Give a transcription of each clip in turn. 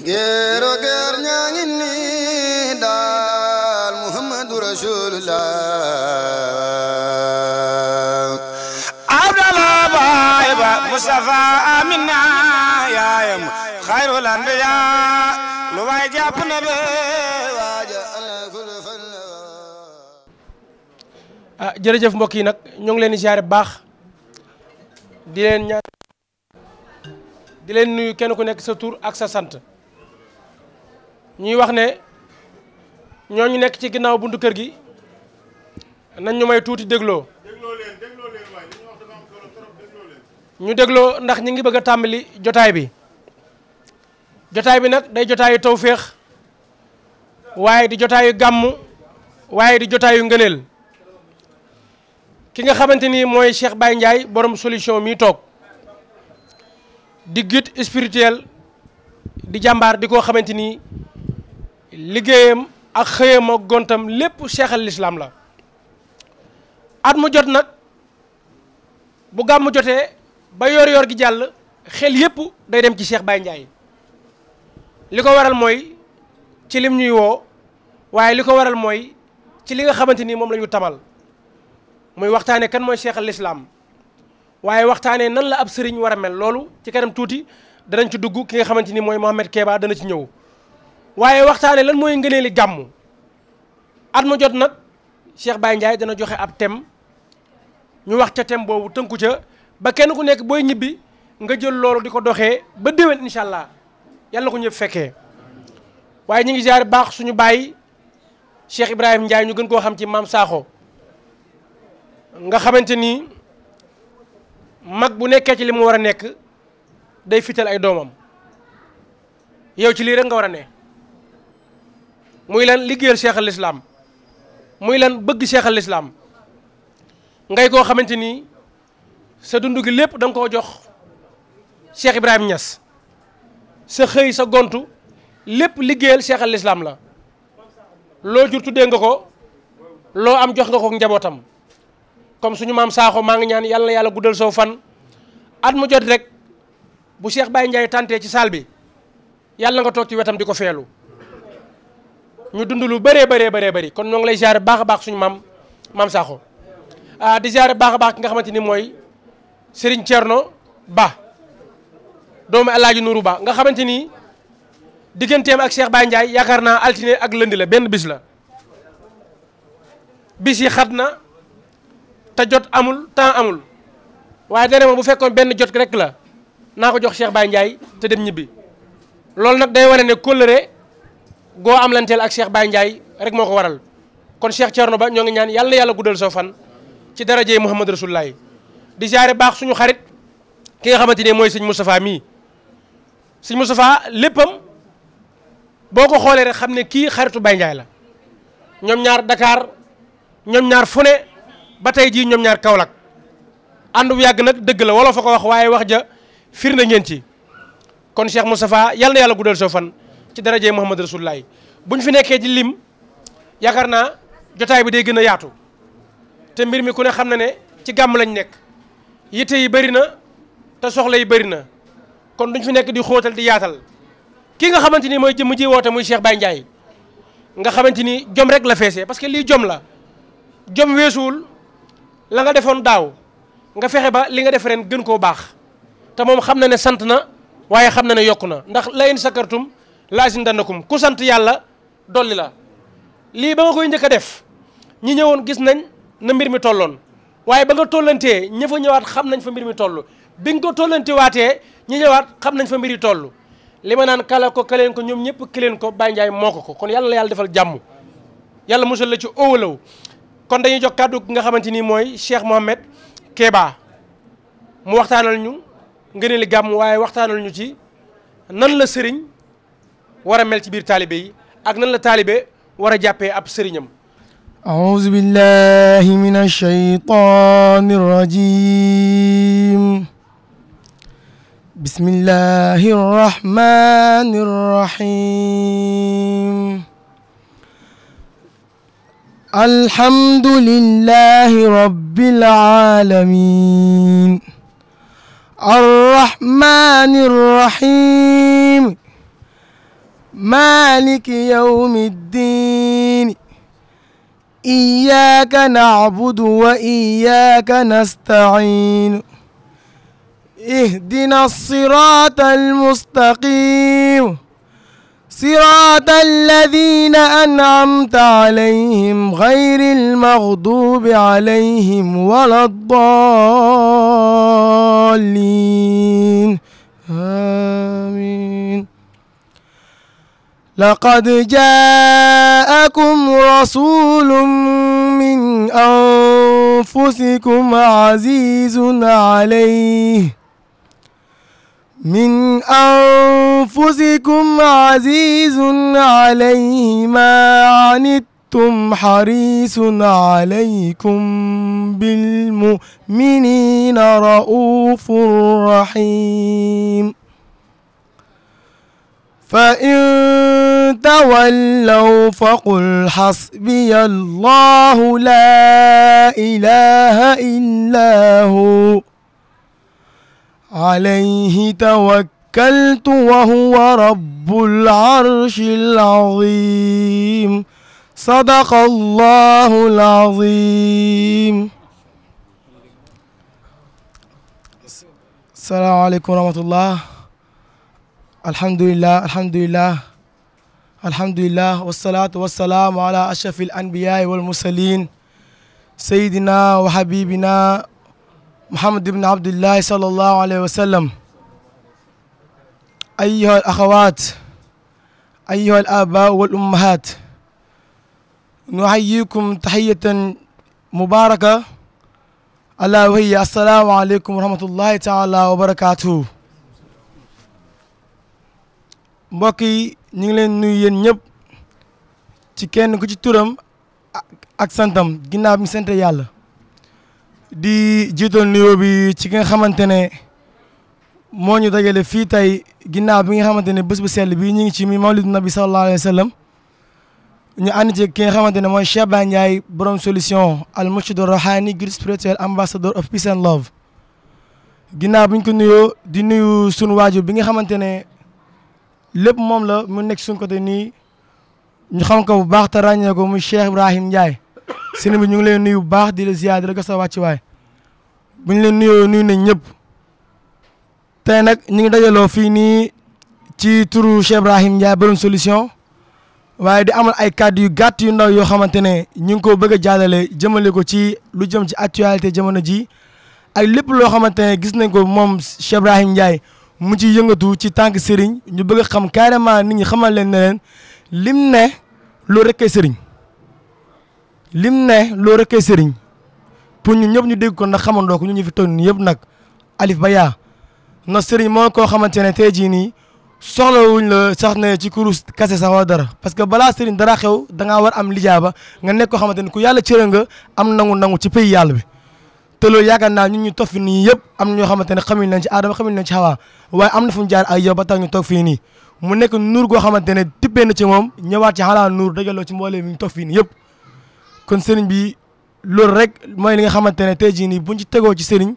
geero geer ñaa ngi nii daal muhammadu rasulullah abdallah baay ba mustafa amina yaayam xayrul anbiya lu waay jàpp na be ah jërëjëf mbokk yi nag ñoo ngi leen di ziare baax di leen ñaan di leen nuyu kenn ku nekk sa tur ak sa sant ñuy wax ne ñoo ñu nekk ci ginnaaw buntu kër gi nañ ñu may tuuti dégloo ñu dégloo ndax ñi ngi bëgg a tàmbali jotaay bi jotaay bi nag day jotaayu tawféex waaye di jotaayu gàmm waaye di jotaayu ngëneel ki nga xamante ni mooy Cheikh Baye Ndiaye borom solution mi toog di guide spirituel di jàmbaar di koo xamante ni. liggéeyam ak xëyam ak gontam lépp seexal lislaam la at mu jot nag bu gàmm jotee ba yor-yor gi jàll xel yépp day dem ci Cheikh Baye Ndiaye li ko waral mooy ci lim ñuy woo waaye li ko waral mooy ci li nga xamante ni moom lañu tamal muy waxtaane kan mooy Cheikh lislaam Islam waaye waxtaanee nan la ab sëriñ war a mel loolu ci kanam tuuti danañ ci dugg ki nga xamante ni mooy Mohamed Keba dana ci ñëw. waaye waxtaane lan mooy ngëneeli gàmmu at mu jot nag Cheikh Baye Ndiaye dana joxe ab thème ñu wax ca thème boobu tënku ca ba kenn ku nekk booy ñibbi nga jël loolu di ko doxee ba déwén incha allah yàlla na ko ñëpp fekkee waaye ñu ngi jaar baax suñu bàyyi Cheikh Ibrahima Ndiaye ñu gën koo xam ci maam Sakho nga xamante ni mag bu nekkee ci li mu war a nekk day fital ay doomam yow ci lii rek nga war a ne. muy lan liggéeyal cheikh al muy lan bëgg cheikh al ngay koo xamante ni sa dund gi lépp da nga koo jox cheikh Ibrahim Niass sa xëy sa gont lépp liggéeyal cheikh al la loo jur tuddee nga ko loo am jox nga ko njabootam comme suñu maam Sakho maa ngi ñaan yàlla na yàlla guddal soo fan at mu jot rek bu Cheikh Baye Ndiaye tàntee ci saal bi yàlla nga toog ci wetam di ko feelu ñu dund lu bëree bare bëree bëri kon ñoo lay ziare baax a baax suñu maam maam Sakho ah, di ziare baax a baax ki nga xamante ni mooy sëriñ Thierno Ba doomu El Hadj Nourou Ba nga xamante ni digganteem ak Cheikh Baye Ndiaye yaakaar naa altine ak lënd la benn bis la bis yi xat na te jot amul temps amul waaye dana ma bu fekkoon benn jot rek la naa ko jox seex Baye Ndiaye te dem ñibbi loolu nag day wane ne kóllëre. goo am lanteel ak Cheikh Baye Ndiaye rek moo ko waral kon Cheikh Thierno Ba ñoo ngi ñaan yàlla yàlla guddal soo fan ci darajey Muhammad Rasulullah di jaare baax suñu xarit ki nga xamante ne mooy sëñ Moustapha mii sëñ Moustapha léppam boo ko xoolee rek xam ne kii xaritu Baye Ndiaye la ñoom ñaar dakaar ñoom ñaar fu ne ba tey jii ñoom ñaar Kaolack ànd bu yàgg nag dëgg la wala foo ko wax waaye wax ja fiir na ngeen ci kon Cheikh Moustapha yàlla yàlla guddal soo fan ci darajee Muhammad bu ñu fi nekkee di lim yaakaar naa jotaay bi day gën a yaatu te mbir mi ku ne xam na ne ci gàmm lañ nekk yitte yi bëri na te soxla yi bëri na kon duñ fi nekk di xóotal di yaatal ki nga xamante ni mooy jëmm ji woote muy Cheikh Baye Ndiaye nga xamante ni jom rek la feesee parce que lii jom la jom weesuwul la nga defoon daaw nga fexe ba li nga def ren gën koo baax te moom xam na ne sant na waaye xam na ne yokk na ndax la in sakartum laazindannakum ku sant yàlla dolli la lii ba nga koy njëkk a def ñi ñëwoon gis nañ na mbir mi tolloon waaye ba nga tollantee ña ñëwaat xam nañ fa mbir mi toll bi nga ko tollantewaatee ñi ñëwaat xam nañ fa mbir yi toll li ma naan kala ko kaleen ko ñoom ñëpp kileen ko Baye Ndiaye moo ko ko kon yàlla la yàlla defal jàmm yàlla musal la ci owalaw kon dañuy jox kàddu gi nga xamante ni mooy Cheikh Mohamed Keba mu waxtaanal ñu ngëneeli gàmm waaye waxtaanal ci nan la sëriñ war a mel ci biir taalibe yi ak nan la taalibe war a jàppee ab sëriñam أعوذ بالله من الشيطان الرجيم بسم الله الرحمن الرحيم الحمد لله رب العالمين الرحمن الرحيم maliki yawmi ddiini iyyaka na'budu wa iyyaka nasta'iinu ihdina siraata almustaqiim siraata alladiina an'amta alayhim ghayri almaghduubi alayhim wala ddaalliin aamiin لقد جاءكم رسول من أنفسكم عزيز عليه من أنفسكم عزيز عليه ما عنتم حريص عليكم بالمؤمنين رؤوف رحيم فإن تولوا فقل حسبي الله لا إله إلا هو عليه توكلت وهو رب العرش العظيم صدق الله العظيم السلام عليكم ورحمة الله alhamdulilah alhamdulilah alhamdulilah wasalaatu wasalaamu ala ashrafil anbiyaai wal mursalin sayidina wa habibina muhammad ibn abdullahi sallallahu alayhi wa sallam ayyuha al axawaat ayyuha al abaa wal ummahaat nuhayyikum taxiyatan mubaaraka ala wahiya assalaamu aleykum wa rahmatullahi taala wa barakatuhu mbokk yi ñu ngi leen nuyu yéen ñëpp ci kenn ku ci turam ak santam ginnaaw bi sant yàlla di jiital nuyoo bi ci ki nga xamante ne moo ñu dajale fii tey ginnaaw bi nga xamante ne bés bu sell bi ñu ngi ci mi mawlidu nabi sallallahu alayhi wa ñu ànd ci ki nga xamante ne mooy Cheikh Ba Ndiaye borom solution al murshid rohani guide spirituel ambassador of peace and love ginnaaw bi ñu nuyoo di nuyu sunu waajur bi nga xamante ne lépp moom la mu nekk suñ côté nii ñu xam bu baax te ràññee ko muy Cheikh Ibrahim Ndiaye sëñ bi ñu ngi leen nuyu bu baax di la ziar di la ko sa wàccuwaay bu ñu leen nuyoo nuyu nañ ñëpp tey nag ñu ngi dajaloo fii nii ci turu Cheikh Ibrahim Ndiaye borom solution waaye di amal ay kàddu yu gàtt yu ndaw yoo xamante ne ñu ngi ko bëgg a jaadale jëmale ko ci lu jëm ci actualité jamono ji ak lépp loo xamante ne gis nañ ko moom Cheikh Ibrahim Ndiaye. mu ci yëngatu ci tànk sëriñ ñu bëgg a xam carrément ni ñi xamal leen ne lim ne loo rekkee sëriñ lim ne loo rekkee sëriñ pour ñu ñëpp ñu dégg ko ndax xamandoo ko ñu ñu fi toog nii yëpp nag alif ba yaa na sëriñ moo koo xamante ne tee jii nii soxlawuñ la sax ne ci kurus kase sax dara parce que balaa sëriñ dara xew da ngaa war am ba nga nekk koo xamante ne ku yàlla cëre nga am nangu-nangu ci pays yàlla bi. te loolu yaakaar naa ñun ñu toog fi nii yëpp am na ñoo xamante ne xamuñ leen ci aadama xamuñ leen ci xawaa waaye am na fu ñu jaar ak yow ba tax ñu toog mu nekk nuur goo xamante ne tibbee na ci moom ñëwaat ci xalaa nuur dajaloo ci mboolee mi ñu toog fii nii yëpp kon sëriñ bi loolu rek mooy li nga xamante ne tey jii nii buñ ci tegoo ci serin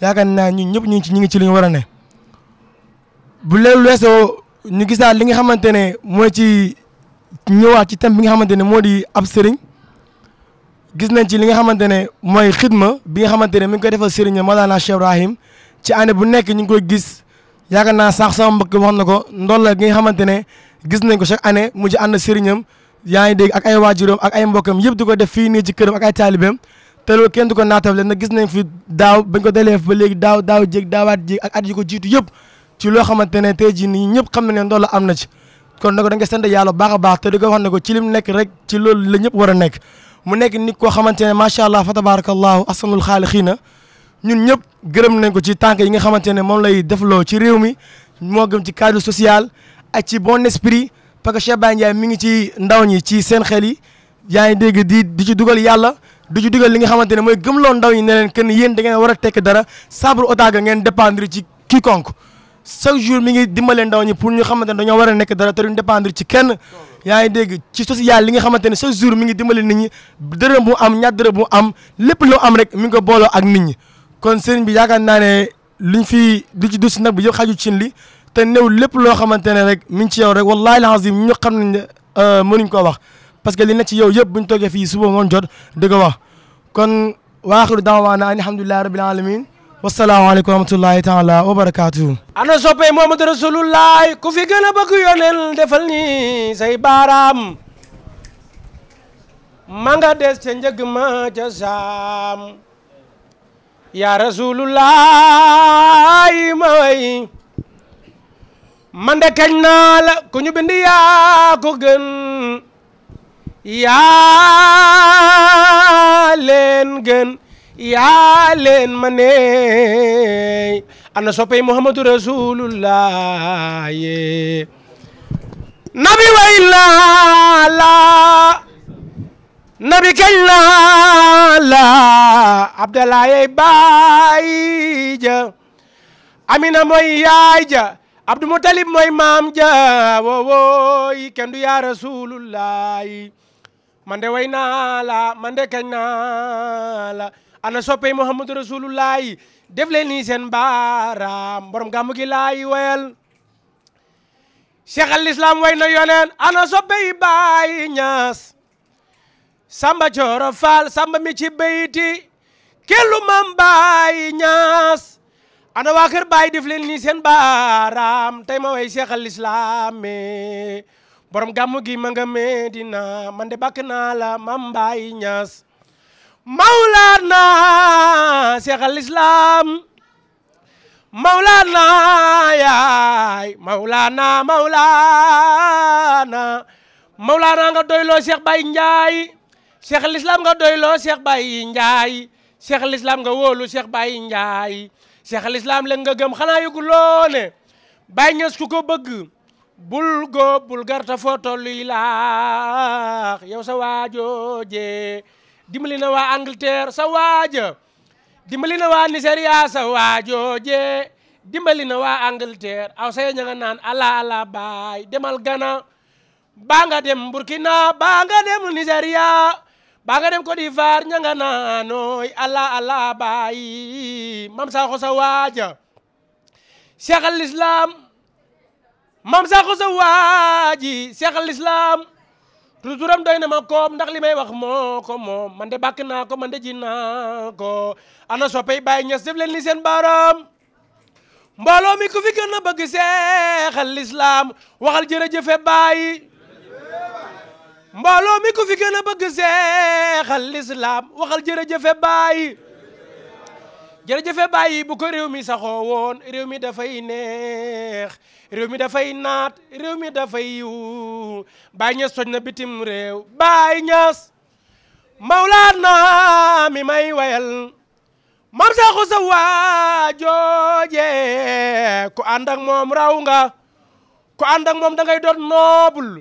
yaakaar naa ñun ñëpp ñu ngi ci ñu ngi ci li ñu war a ne bu leelu weesoo ñu li nga xamante ne mooy ci ñëwaat ci thème bi nga xamante ne moo di ab sëriñ gis nañ ci li nga xamante ne mooy xidma bi nga xamante ne mi ngi koy defal sëriñ Mawlana Cheikh Ibrahim ci année bu nekk ñu ngi koy gis yaakaar naa sax sama mbokk wax na ko ndolla gi nga xamante ne gis nañ ko chaque année mu ci ànd sëriñam yaa ngi dégg ak ay waajuram ak ay mbokkam yëpp di ko def fii nii ci këram ak ay taalibeem te loolu kenn du ko naatable gis nañ fi daaw bañ ko dalee ba léegi daaw daaw jéeg daawaat jéeg ak at yu ko jiitu yëpp ci loo xamante ne tey jii nii ñëpp xam na ne ndolla am na ci kon nag da nga sant yàlla baax baax te di ko wax na ko ci lim nekk rek ci loolu la ñëpp war a nekk mu nekk nit koo xamante ne macha allah fa tabarakallahu ahsanul xaalixiina ñun ñëpp gërëm nañ ko ci tànk yi nga xamante ne moom lay def defloo ci réew mi moo gëm ci cadre social ak ci bon esprit parce que Cheikh Baye mi ngi ci ndaw ñi ci seen xel yi yaa ngi dégg di di ci dugal yàlla du ci dugal li nga xamante ne mooy gëmloo ndaw ñi ne leen kenn yéen da ngeen a tekk dara sabre otage ngeen dépendre ci quiconque chaque jour mi ngi dimbale ndaw ñi pour ñu xamante ne dañoo war a nekk dara te dépendre ci kenn yaa ngi dégg ci social li nga xamante ne chaque jour mi ngi dimbali nit ñi dërëm bu am ñaar dërëm bu am lépp loo am rek mi ngi ko booloo ak nit ñi kon sëriñ bi yaakaar naa ne luñ fi du ci dus nag bi yëpp xaju cin li te néew lépp loo xamante ne rek mi ngi ci yow rek wallahi alazim ñu xam ne euh, mënuñ ko wax parce que li na ci yow yëpp buñ toogee fii suba ngoon jot di ko wax kon waaxiru daawaana alhamdulillahi rabbil alamin wasalaamaaleykum wa rahmatullahi taala wa barakaatu. ana soppe Muhammadu Rasulullah ku fi gën a bëgg yoneel defal ni say baaraam. ma des ca njëg ca saam. yaa Rasulullah ma way. kañ naa la ku ñu bind yaa gën. yaa leen gën. yaa leen ma ne ana soppey muhammadu rasulullah ye nabi way nabi kañ laa abdallah yey baay ja amina mooy yaay ja abdou mutalib mooy maam ja wowoy kenn du yaa rasulullah man de way kañ naa ana soppey muhammadu rasulullahi def leen nii seen baaraam borom gàmmu gi laay wayal cheikh al islam na yoneen ana soppey baay ñaas samba cooro faal samba mi ci bayti kellu mam baay ñaas ana waa kër baay def leen nii seen baaraam tey ma way cheikh al islam borom gàmmu gi ma nga Medina man naa la mam baay ñaas mawlaana cheikh al islam mawlaana yaay mawlaana mawlaana mawlaana nga doyloo cheikh Baye Ndiaye cheikh al islam nga doyloo cheikh Baye Ndiaye cheikh al islam nga wóolu cheikh Baye Ndiaye cheikh al islam la nga gëm xanaa yëguloo ne Baye Niass ku ko bëgg bul góob bul garta foo tollu yi laax yow sa waajooje dimbali na waa Angleterre sa waaja dimbali na waa Nigeria sa waajooje dimbali na waa Angleterre aw say ña naan ala ala baay demal Ghana baa nga dem Burkina baa nga dem Nigeria baa nga dem Côte d'Ivoire ña nga naanooy ala ala baay mam Sakho sa waaja Cheikh Islam mam Sakho sa waaji Cheikh Islam tuturam doy na ma koom ndax li may wax moo ko moom man de bàkk naa ko man ji naa ko ana soppey Baay Ñas def leen li seen baaraam mbooloo mi ku fi gën a bëgg seexal lislaam waxal jërëjëfe Baay mbooloo mi ku fi gën a bëgg seexal lislaam waxal jërëjëfe Baay jërëjëfe Baay bu ko réew mi saxoo woon réew mi dafay neex réew mi dafay naat réew mi dafay yiw Baay Ñas toj na bitim réew Baay Ñas Mawlaana mi may wayal mam sa xusa waa jooje ku ànd moom raw nga ku ànd moom da doon noble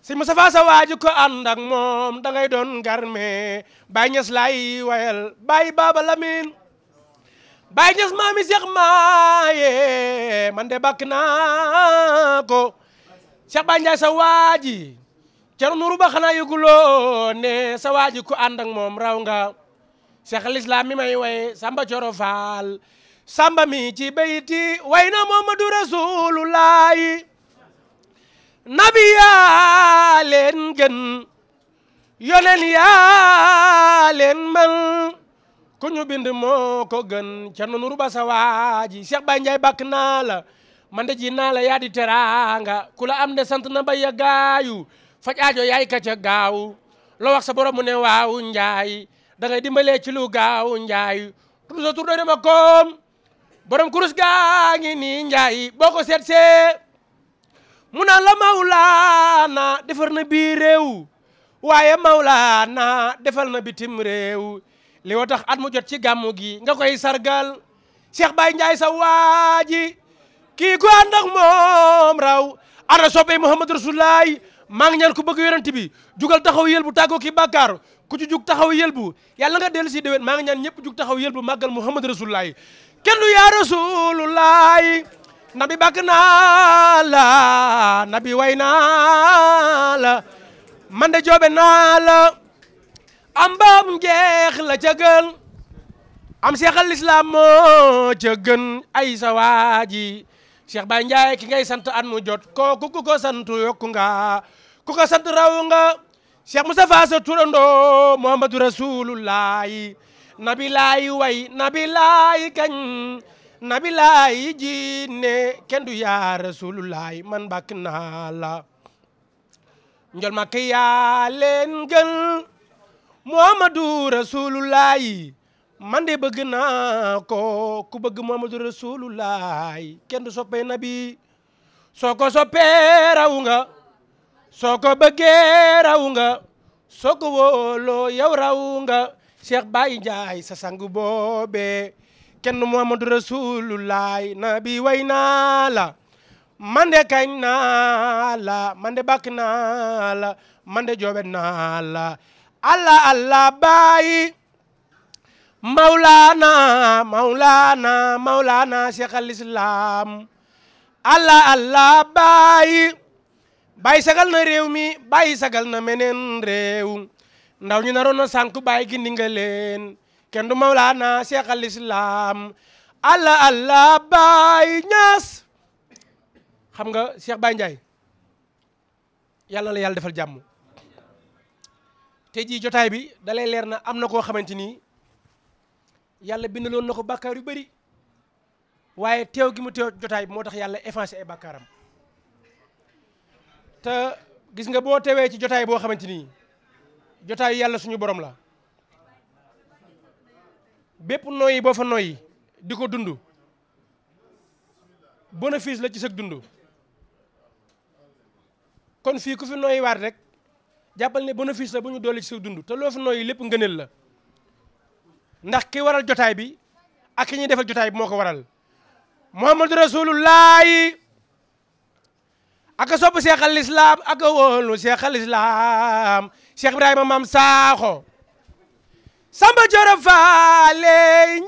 si Moustapha sa waaji ku ànd ak moom da doon garme Baay Ñas laay wayal Baay Baaba Lamin Baay Ñas maami Cheikh maaye man de bakk naa ko Cheikh Baay Njaay sa waaji Cerno Nuuru Ba xanaa yëguloo ne sa waaji ku ànd moom raw nga Cheikh Lislaam mi may way Samba Coro Faal Samba mi ci bayti way na Muhammadu Rasulullaahi nabi yaa leen gën yonen yaa leen man ku ñu bind moo ko gën Cerno Nuru Ba sa waaji Cheikh Baye Ndiaye bàkk naa la ji naa yaa di teraanga ku la am de sant na bay ya gaayu faj aajo yaay ka ca gaaw loo wax sa borom mu ne waaw Ndiaye da ngay dimbalee ci lu gaaw Ndiaye tur tur doy dama koom borom kurus gaa ngi nii Ndiaye boo ko mu naan la Mawlaana defar na bii waaye Mawlaana defal na bitim réew li woo tax at mu jot ci gàmmu gi nga koy sargal Cheikh Baye Ndiaye sa waa kii ku ànd ak moom raw ana soppee Muhammad Rasulullaay maa ngi ñaan ku bëgg yonent bi jugal taxaw bu tàggoo ki bàkkaar ku ci jug taxaw yëlbu yàlla nga dellu si déwén maa ngi ñaan ñëpp jug taxaw yëlbu màggal Muhammad Rasulullaay kenn du yaa Rasulullaay nabi bàkk naa la nabi way naa la man de naa la am baam jeex la ca am seexal lislaam moo ca gën ay sa waaji Cheikh Baye Ndiaye ki ngay sant at mu jot kooku ku ko sant yokku nga ku ko sant raw nga Cheikh Moustapha sa turandoo Muhammadu Rasulullahi nabilaayi way nabilaayi kañ nabilaayi ji ne kenn du yaa Rasulullahi man bàkk naa la njol ma ki yaa leen gën muhammadu rasulullahi man de bëgg naa ko ku bëgg muhammadu rasulullahi kenn du soppee nabi soo ko soppee raw nga soo ko bëggee raw nga soo ko wóoloo yow raw nga Cheikh Baye Ndiaye sa sang boobee kenn muhammadu rasulullahi nabi way naa la man de kañ naa la man de naa la mande de naa la allah allah bàyyi mawlaana mawlaana mawlaana cheikh al allah allah bàyyi bàyyi sagal na réew mi bàyyi sagal na meneen réew ndaw ñu naroon na sànq bàyyi gindi nga leen kenn du allah allah bàyyi ñaas xam nga cheikh Baye Ndiaye yàlla la yàlla defal jàmm te jii jotaay bi dalay leer na am na koo xamante ni yàlla bindaloon na ko bàkkaar yu bari waaye teew gi mu teew jotaay bi moo tax yàlla effacé ay bàkkaaram te gis nga boo teewee ci jotaay boo xamante ni jotaay yàlla suñu borom la bépp nooyi boo fa nooyi di ko dund bénéfice la ci sag dund kon fii ku fi nooyi waat rek jàppal ne bénéfice la bu ñu dolli ci sa dund te loo fi lépp ngëneel la ndax ki waral jotaay bi ak ki ñuy defal jotaay bi moo ko waral muhammadu rasulullahi ak a sopp seex al islaam ak a wóolu seex al islaam samba joro faale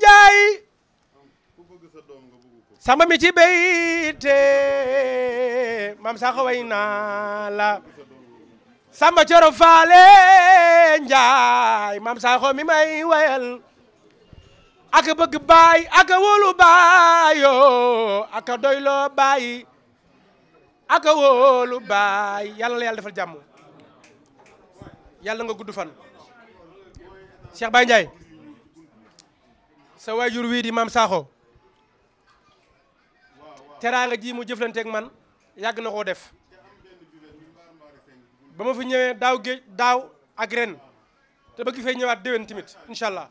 samba mi ci béyte maam saaxo way naa Samba Coro Faale Njaay maam Sakho mi may wayal ak bëgg baay ak wóolu baayoo ak doyloo baay ak wóolu baay yàlla la yàlla defal jàmm yàlla nga gudd fan Cheikh Baye Ndiaye sa waajur wii di maam Sakho teraanga ji mu jëflanteeg man yàgg na koo def ba ma fi ñëwee daaw géej daaw ak ren te bëgg fee ñëwaat déwén tamit incha allah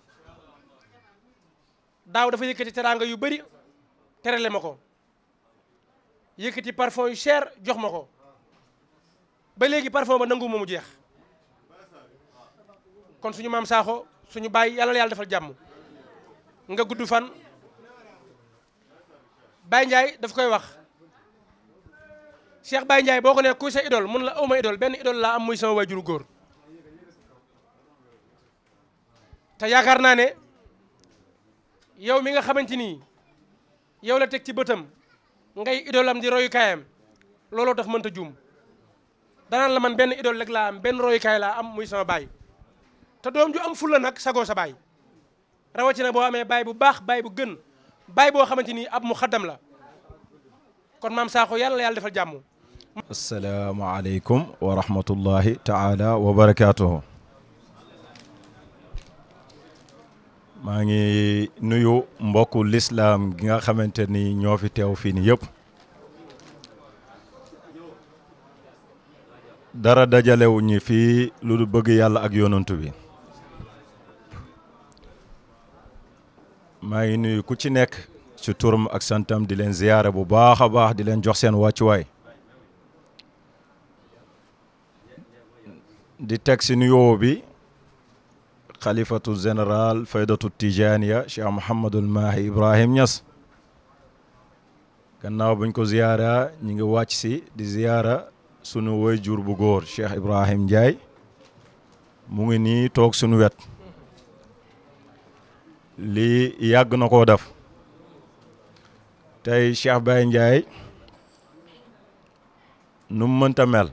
daaw dafa yëkkati teraanga yu bëri terale ma ko yëkkati parfum yu cher jox ma ko ba léegi parfum ba nangu moomu jeex kon suñu maam Sakho suñu bàyyi yàlla la yàlla defal jàmm nga gudd fan Baye Ndiaye daf koy wax Cheikh Baye Ndiaye boo ko nee kuy sa idole mun la awma idole benn idole laa am muy sama waajuru góor te yaakaar naa ne yow mi nga xamante ni yow la teg ci bëtam ngay idolam di royukaayam looloo mën mënta juum danaan la man benn idole rek laa am benn royukaay laa am muy sama baay te doom ju am fulla nag sagoo sa baay rawatina boo amee baay bu baax baay bu gën baay boo xamante ni ab mu xaddam la kon maam Sakho yàlla na yàlla defal jàmmu asalaamaaleykum wa rahmatullahi taala wa barakaatuhu maa ngi nuyu mbokku lislaam gi nga xamante ni ñoo fi teew fii ni yëpp dara dajalewu ñi fii lu bëgg yàlla ak yonantu bi maa ngi nuyu ku ci nekk su turam ak santam di leen ziyaare bu baax a baax di leen jox seen wàccuwaay di teg si nuyoo bi xalifatu général faydatu tijaniya cheikh Mouhamadul Mahi Ibrahim Niass gannaaw buñ ko ziyaara ñi ngi wàcc si di ziyaara sunu woy jur bu góor cheikh Ibrahim Ndiaye mu ngi nii toog sunu wet lii yàgg na koo def tey cheikh Baye Ndiaye nu mu mënta mel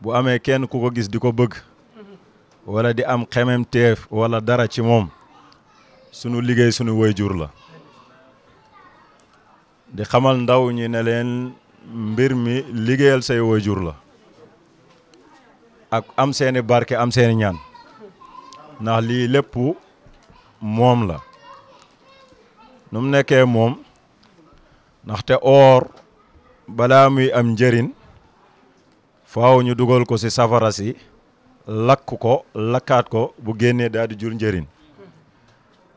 bu amee kenn ku ko gis di ko bëgg walla di am xememteef wala dara ci moom sunu liggéey sunu wayjur la di xamal ndaw ñi ne leen mbir mi liggéeyal say wayjur la ak am seeni barke am seeni ñaan ndax lii lépp moom la nu mu nekkee moom ndaxte or balaa muy am njëriñ faaw ñu dugal ko si safara si lakk ko lakkaat ko bu génnee daal di jur njëriñ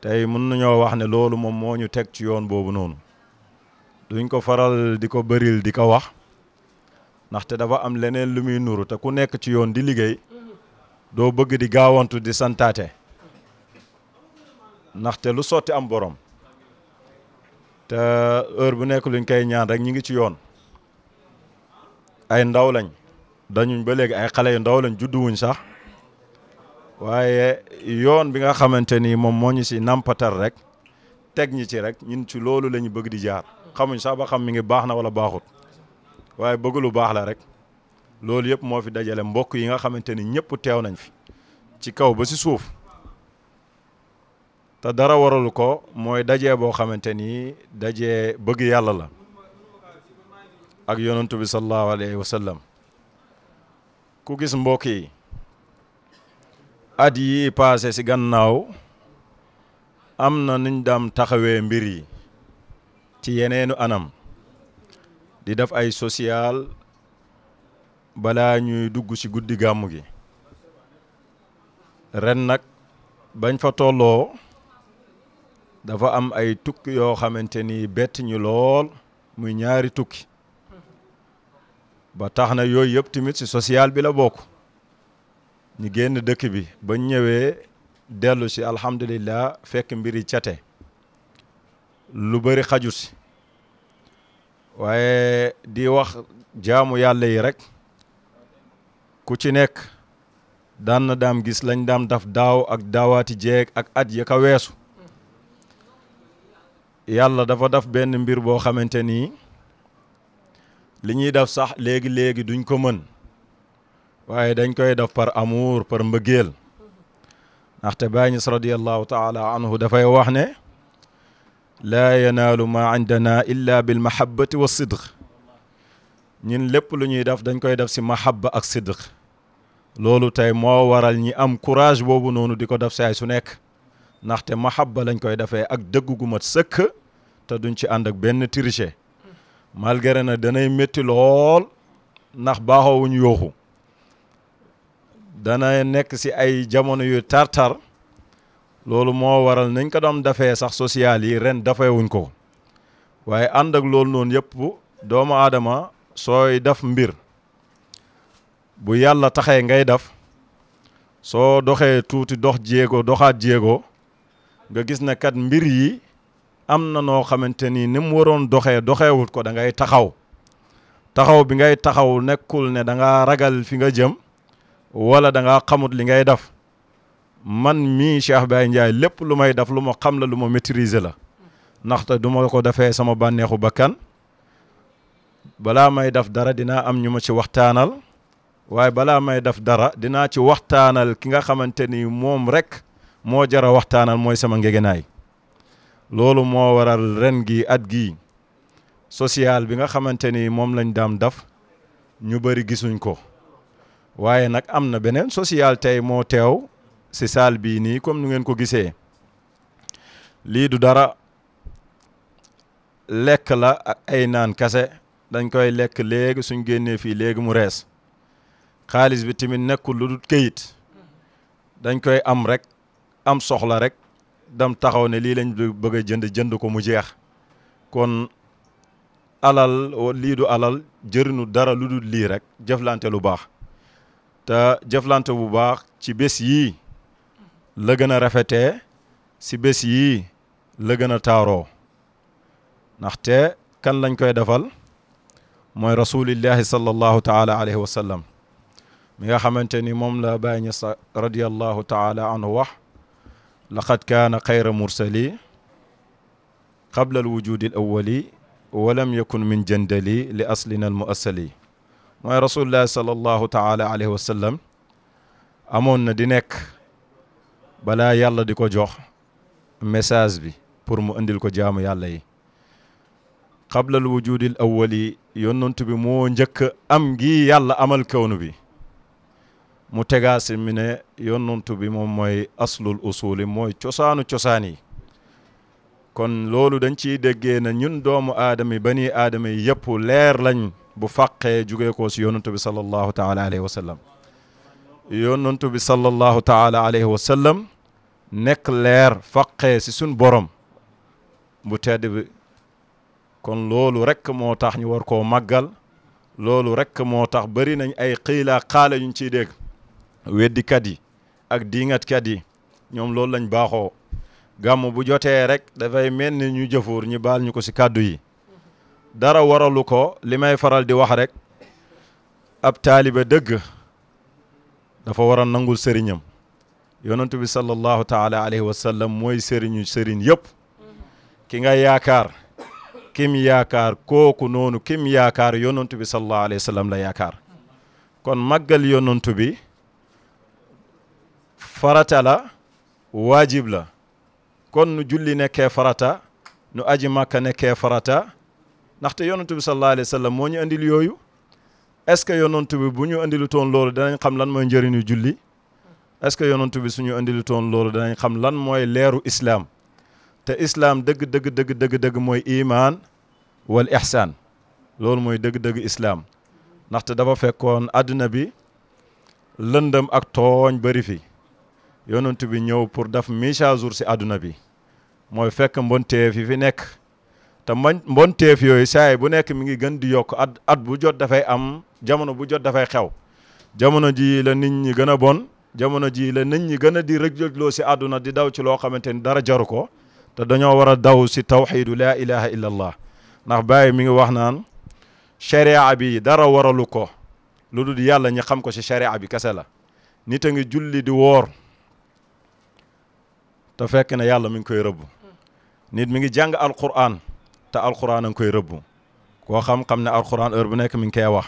tey mën nañoo wax ne loolu moom moo ñu teg ci yoon boobu noonu duñ ko faral di ko bëril di ko wax ndaxte dafa am leneen lu muy nuru te ku nekk ci yoon di liggéey doo bëgg di gaawantu di santaate ndaxte lu sotti am boroom te heure bu nekk luñ koy ñaan rek ñu ngi ci yoon ay ndaw lañ dañuñ ba léegi ay xale yu ndaw lañ judduwuñ sax waaye yoon bi nga xamante ni moom moo ñu si nampatal rek teg ñi ci rek ñun ci loolu la bëgg di jaar xamuñ sax ba xam mi ngi baax na wala baaxut waaye bëgg lu baax la rek loolu yëpp moo fi dajale mbokk yi nga xamante ni ñëpp teew nañ fi ci kaw ba si suuf te dara waralu ko mooy dajee boo xamante ni dajee bëgg yàlla la ak yonantu bi sallallahu alayhi wa sallam ku gis mbokk yi at yi paase ci gannaaw am na nuñ daam taxawe mbir yi ci yeneenu anam di def ay social balaa ñuy dugg ci guddi gàmmu gi ren nag bañ fa tolloo dafa am ay tukki yoo xamante ni bett ñu lool muy ñaari tukki ba tax na yooyu yëpp tamit ci social bi la bokk ñu génn dëkk bi ba ñëwee dellu si alhamdulillah fekk mbiri cate lu bari xaju ci waaye di wax jaamu yàlla yi rek ku ci nekk daan na daam gis lañ daam daf daaw ak daawaati jeeg ak at ya ka weesu yàlla dafa daf benn mbir boo xamante nii li ñuy def sax léegi léegi duñ ko mën waaye dañ koy def par amour par mbëggeel ndaxte Baay Ñas radiyallahu taala anhu dafay wax ne laa yanaalu maa indana illa bil mahabbati wa sidq ñun lépp lu ñuy def dañ koy def si mahabba ak sidq loolu tey moo waral ñi am courage boobu noonu di ko def saay su nekk ndaxte mahabba lañ koy defee ak dëgg gu mat sëkk te duñ ci ànd ak benn triche malgré na danay métti lool ndax baaxoowuñ yoxu dana nekk si ay jamono yu tartar loolu moo waral nañ ko doon dafe sax social yi ren dafeewuñ ko waaye ànd ak loolu noonu yëpp doomu aadama sooy def mbir bu yàlla taxe ngay daf soo doxe tuuti dox jéego doxaat jéego nga gis ne kat mbir yi am na noo xamante ni ni mu waroon doxee doxeewul ko da ngay taxaw taxaw bi ngay taxaw nekkul ne da nga ragal fi nga jëm wala da nga xamut li ngay def man mi Cheikh ba Ndiaye lépp lu may def lu ma xam la lu ma maîtriser la ndaxte du ma ko defee sama bànneexu bakkan balaa may def dara dinaa am ñu ma ci waxtaanal waaye balaa may def dara dinaa ci waxtaanal ki nga xamante ni moom rek moo jara waxtaanal mooy sama ngegenaay loolu moo waral ren gi at gii sociale bi nga xamante ni moom lañ daam daf ñu bari gisuñ ko waaye nag am na beneen social tey moo teew si salle bii nii comme nu ngeen ko gisee lii du dara lekk la ak ay naan kase dañ koy lekk léegi suñ génnee fii léegi mu rees xaalis bi tamit nekku lu dul këyit dañ koy am rek am soxla rek dam taxaw ne lii lañ bëgg a jënd jënd ko mu jeex kon alal lii du alal jëriñu dara lu dul lii rek jëflante lu baax te jëflante bu baax ci bés yii la gën a rafetee si bés yii la gën a taaroo ndaxte kan lañ koy defal mooy rasulillahi sallallahu taala alayhi wa sallam mi nga xamante ni moom la bàyyi ña sa radiyallahu taala anhu wax laqad kaana xayra mursali qabla alwujudi al awali walam yakun min jëndali li aslina al muassali mooy rasulullahi sallallahu taala alayhi wa amoon na di nekk balaa yàlla di ko jox message bi pour mu indil ko jaamu yàlla yi qabla al wujudi al awali bi moo njëkk am gi yàlla amal kawnu bi mu tegaasi mi ne yonantu bi moom mooy aslul usuli mooy cosaanu cosaan yi kon loolu dañ ciy déggee na ñun doomu aadama yi bani aadama yi yëpp leer lañ bu fàqee jugee ko si yonantu bi sallallahu taala alayhi wa sallam yonantu bi sallallahu taala wa sallam nekk leer fàqee si suñ borom bu tedd bi kon loolu rek moo tax ñu war koo màggal loolu rek moo tax bari nañ ay xiila xaala yuñ ciy dégg weddikat yi ak diingatkat yi ñoom loolu lañ baaxoo gàmm bu jotee rek dafay mel ni ñu jëfuur ñu baal ñu ko si kàddu yi dara waralu ko li may faral di wax rek ab taaliba dëgg dafa war a nangul sëriñam yonentu bi sallallahu taala alayhi wa mooy sëriñu sëriñ yëpp ki nga yaakaar kim yaakaar kooku noonu kim yaakaar yonentu bi sallallahu alayhi wa la yaakaar kon màggal yonentu bi farata la waajib la kon nu julli nekkee farata nu aji màkka nekkee farata ndaxte yonentu bi sallallahu alayhi wa moo ñu indil yooyu est-ce que yonentu bi bu ñu indilu toon loolu danañ xam lan mooy njëriñu julli est-ce que yonentu bi suñu indilu toon loolu danañ xam lan mooy leeru islaam te islaam dëgg dëgg dëgg dëgg dëgg mooy imaan wal ihsaan loolu mooy dëgg-dëgg islaam ndaxte dafa fekkoon àdduna bi lëndëm ak tooñ bari fi yonent bi ñëw pour def mise à jour si àdduna bi mooy fekk mbonteef yi fi nekk te man mbonteef yooyu saay bu nekk mi ngi gën di yokk at at bu jot dafay am jamono bu jot dafay xew jamono ji la nit ñi gën a bon jamono ji la nit ñi gën a di rëjloo si àdduna di daw ci loo xamante ni dara jaru ko te dañoo war a daw si tawxiidu laa ilaha illa allah ndax Baye mi ngi wax naan sharia bi dara waralu ko lu dul yàlla ñi xam ko si sharia bi kese la nit a ngi julli di woor te fekk ne yàlla mi ngi koy rëbb nit mi ngi jàng alquran te alquran a ngi koy rëbb koo xam-xam ne alquran heure bu nekk mi ngi koy wax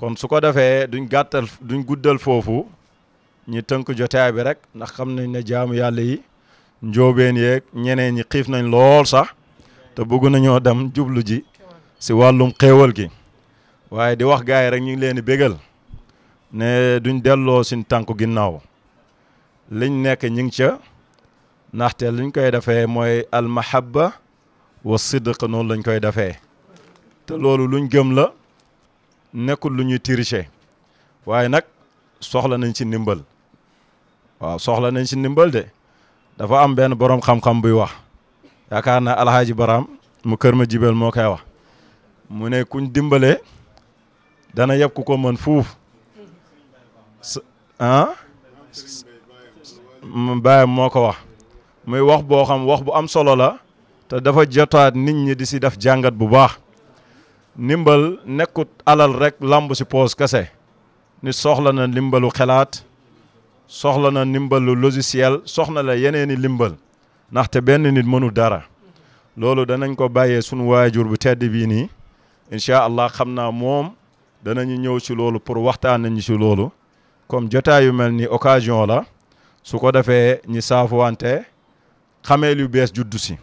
kon su ko defee duñ gàttal duñ guddal foofu ñi tënk jotaay bi rek ndax xam nañ ne jaamu yàlla yi njoobeen yeeg ñeneen ñi xiif nañ lool sax te bëgg nañoo dem jublu ji si wàllum xéewal gi waaye di wax gaay rek ñu ngi leen bégal ne duñ delloo sin tànk ginnaaw liñ nekk ñu ngi ndaxte liñ koy defee mooy almahabba wa sidq noonu lañ koy defee te loolu luñ gëm la nekkul lu ñuy tricher waaye nag soxla nañ ci ndimbal waaw soxla nañ ci ndimbal de dafa am benn boroom xam buy wax yaakaar na alhaaji baraam mu kër ma jibel moo koy wax mu ne kuñ dimbalee dana yeb ku ko mën fuuf ah baayam moo ko wax muy wax boo xam wax bu am solo la te dafa jotaat nit ñi di si def jàngat bu baax ndimbal nekkut alal rek lamb si poos kese ni soxla na ndimbalu xelaat soxla na ndimbalu logiciel soxla la yeneeni ndimbal ndaxte benn nit mënu dara loolu danañ ko bàyyee sunu waajur bu tedd bii nii incha allah xam naa moom danañu ñëw si loolu pour waxtaan nañu si loolu comme jotaay mel ni occasion la su ko defee ñi saafuwante xamee lu bees juddu si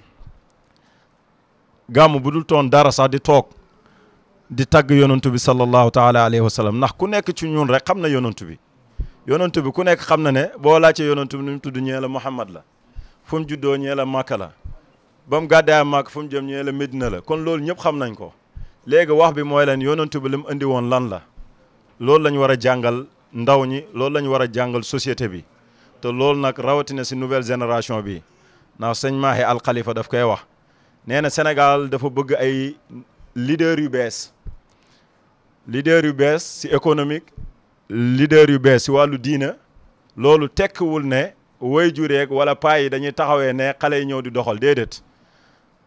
gàmm bu dul toon dara sax di toog di tagg yonantu bi sallallahu taala alayhi wa sallam ndax ku nekk ci ñun rek xam na yonantu bi yonantu bi ku nekk xam na ne boo laajtee yonantu bi nu mu tudd ñee la Muhammad la fu juddoo ñee la Makka la ba mu gàddaay Makka fu mu jëm ñee la Medina la kon loolu ñëpp xam nañ ko léegi wax bi mooy leen yonantu bi li mu indi woon lan la loolu la ñu war a jàngal ndaw ñi loolu la ñu war a jàngal société bi te loolu nag rawatina si nouvelle génération bi ndax sëñ Mahi Al Khalifa daf koy wax nee na Sénégal dafa bëgg ay leader yu bees leader yu bees si économique leader yu bees si wàllu diina loolu tekkiwul ne way jureeg wala paa yi dañuy taxawee ne xale yi ñëw di doxal déedéet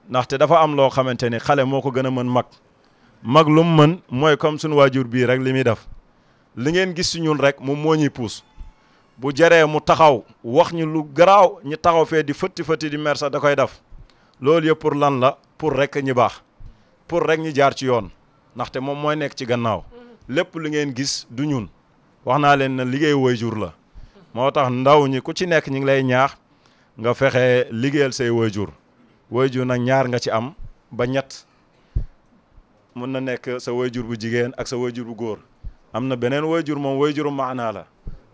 ndaxte dafa am loo xamante ni xale moo ko gën a mën mag mag lu mën mooy comme suñu waajur bii rek li muy def li ngeen gis si ñun rek moom moo ñuy puus bu jëree mu taxaw wax ñu lu garaaw ñu taxaw fee di fëtti fëtti di mer da koy daf loolu yëpp pour lan la pour rek ñi baax pour rek ñi jaar ci yoon ndaxte moom mooy nekk ci gannaaw lépp lu ngeen gis du ñun wax naa leen ne liggéey waajur la moo tax ndaw ñi ku ci nekk ñi ngi lay ñaax nga fexe liggéeyal say waajur waajur na ñaar nga ci am ba ñett mun na nekk sa waajur bu jigéen ak sa waajur bu góor am na beneen waajur moom waajuru maanaa la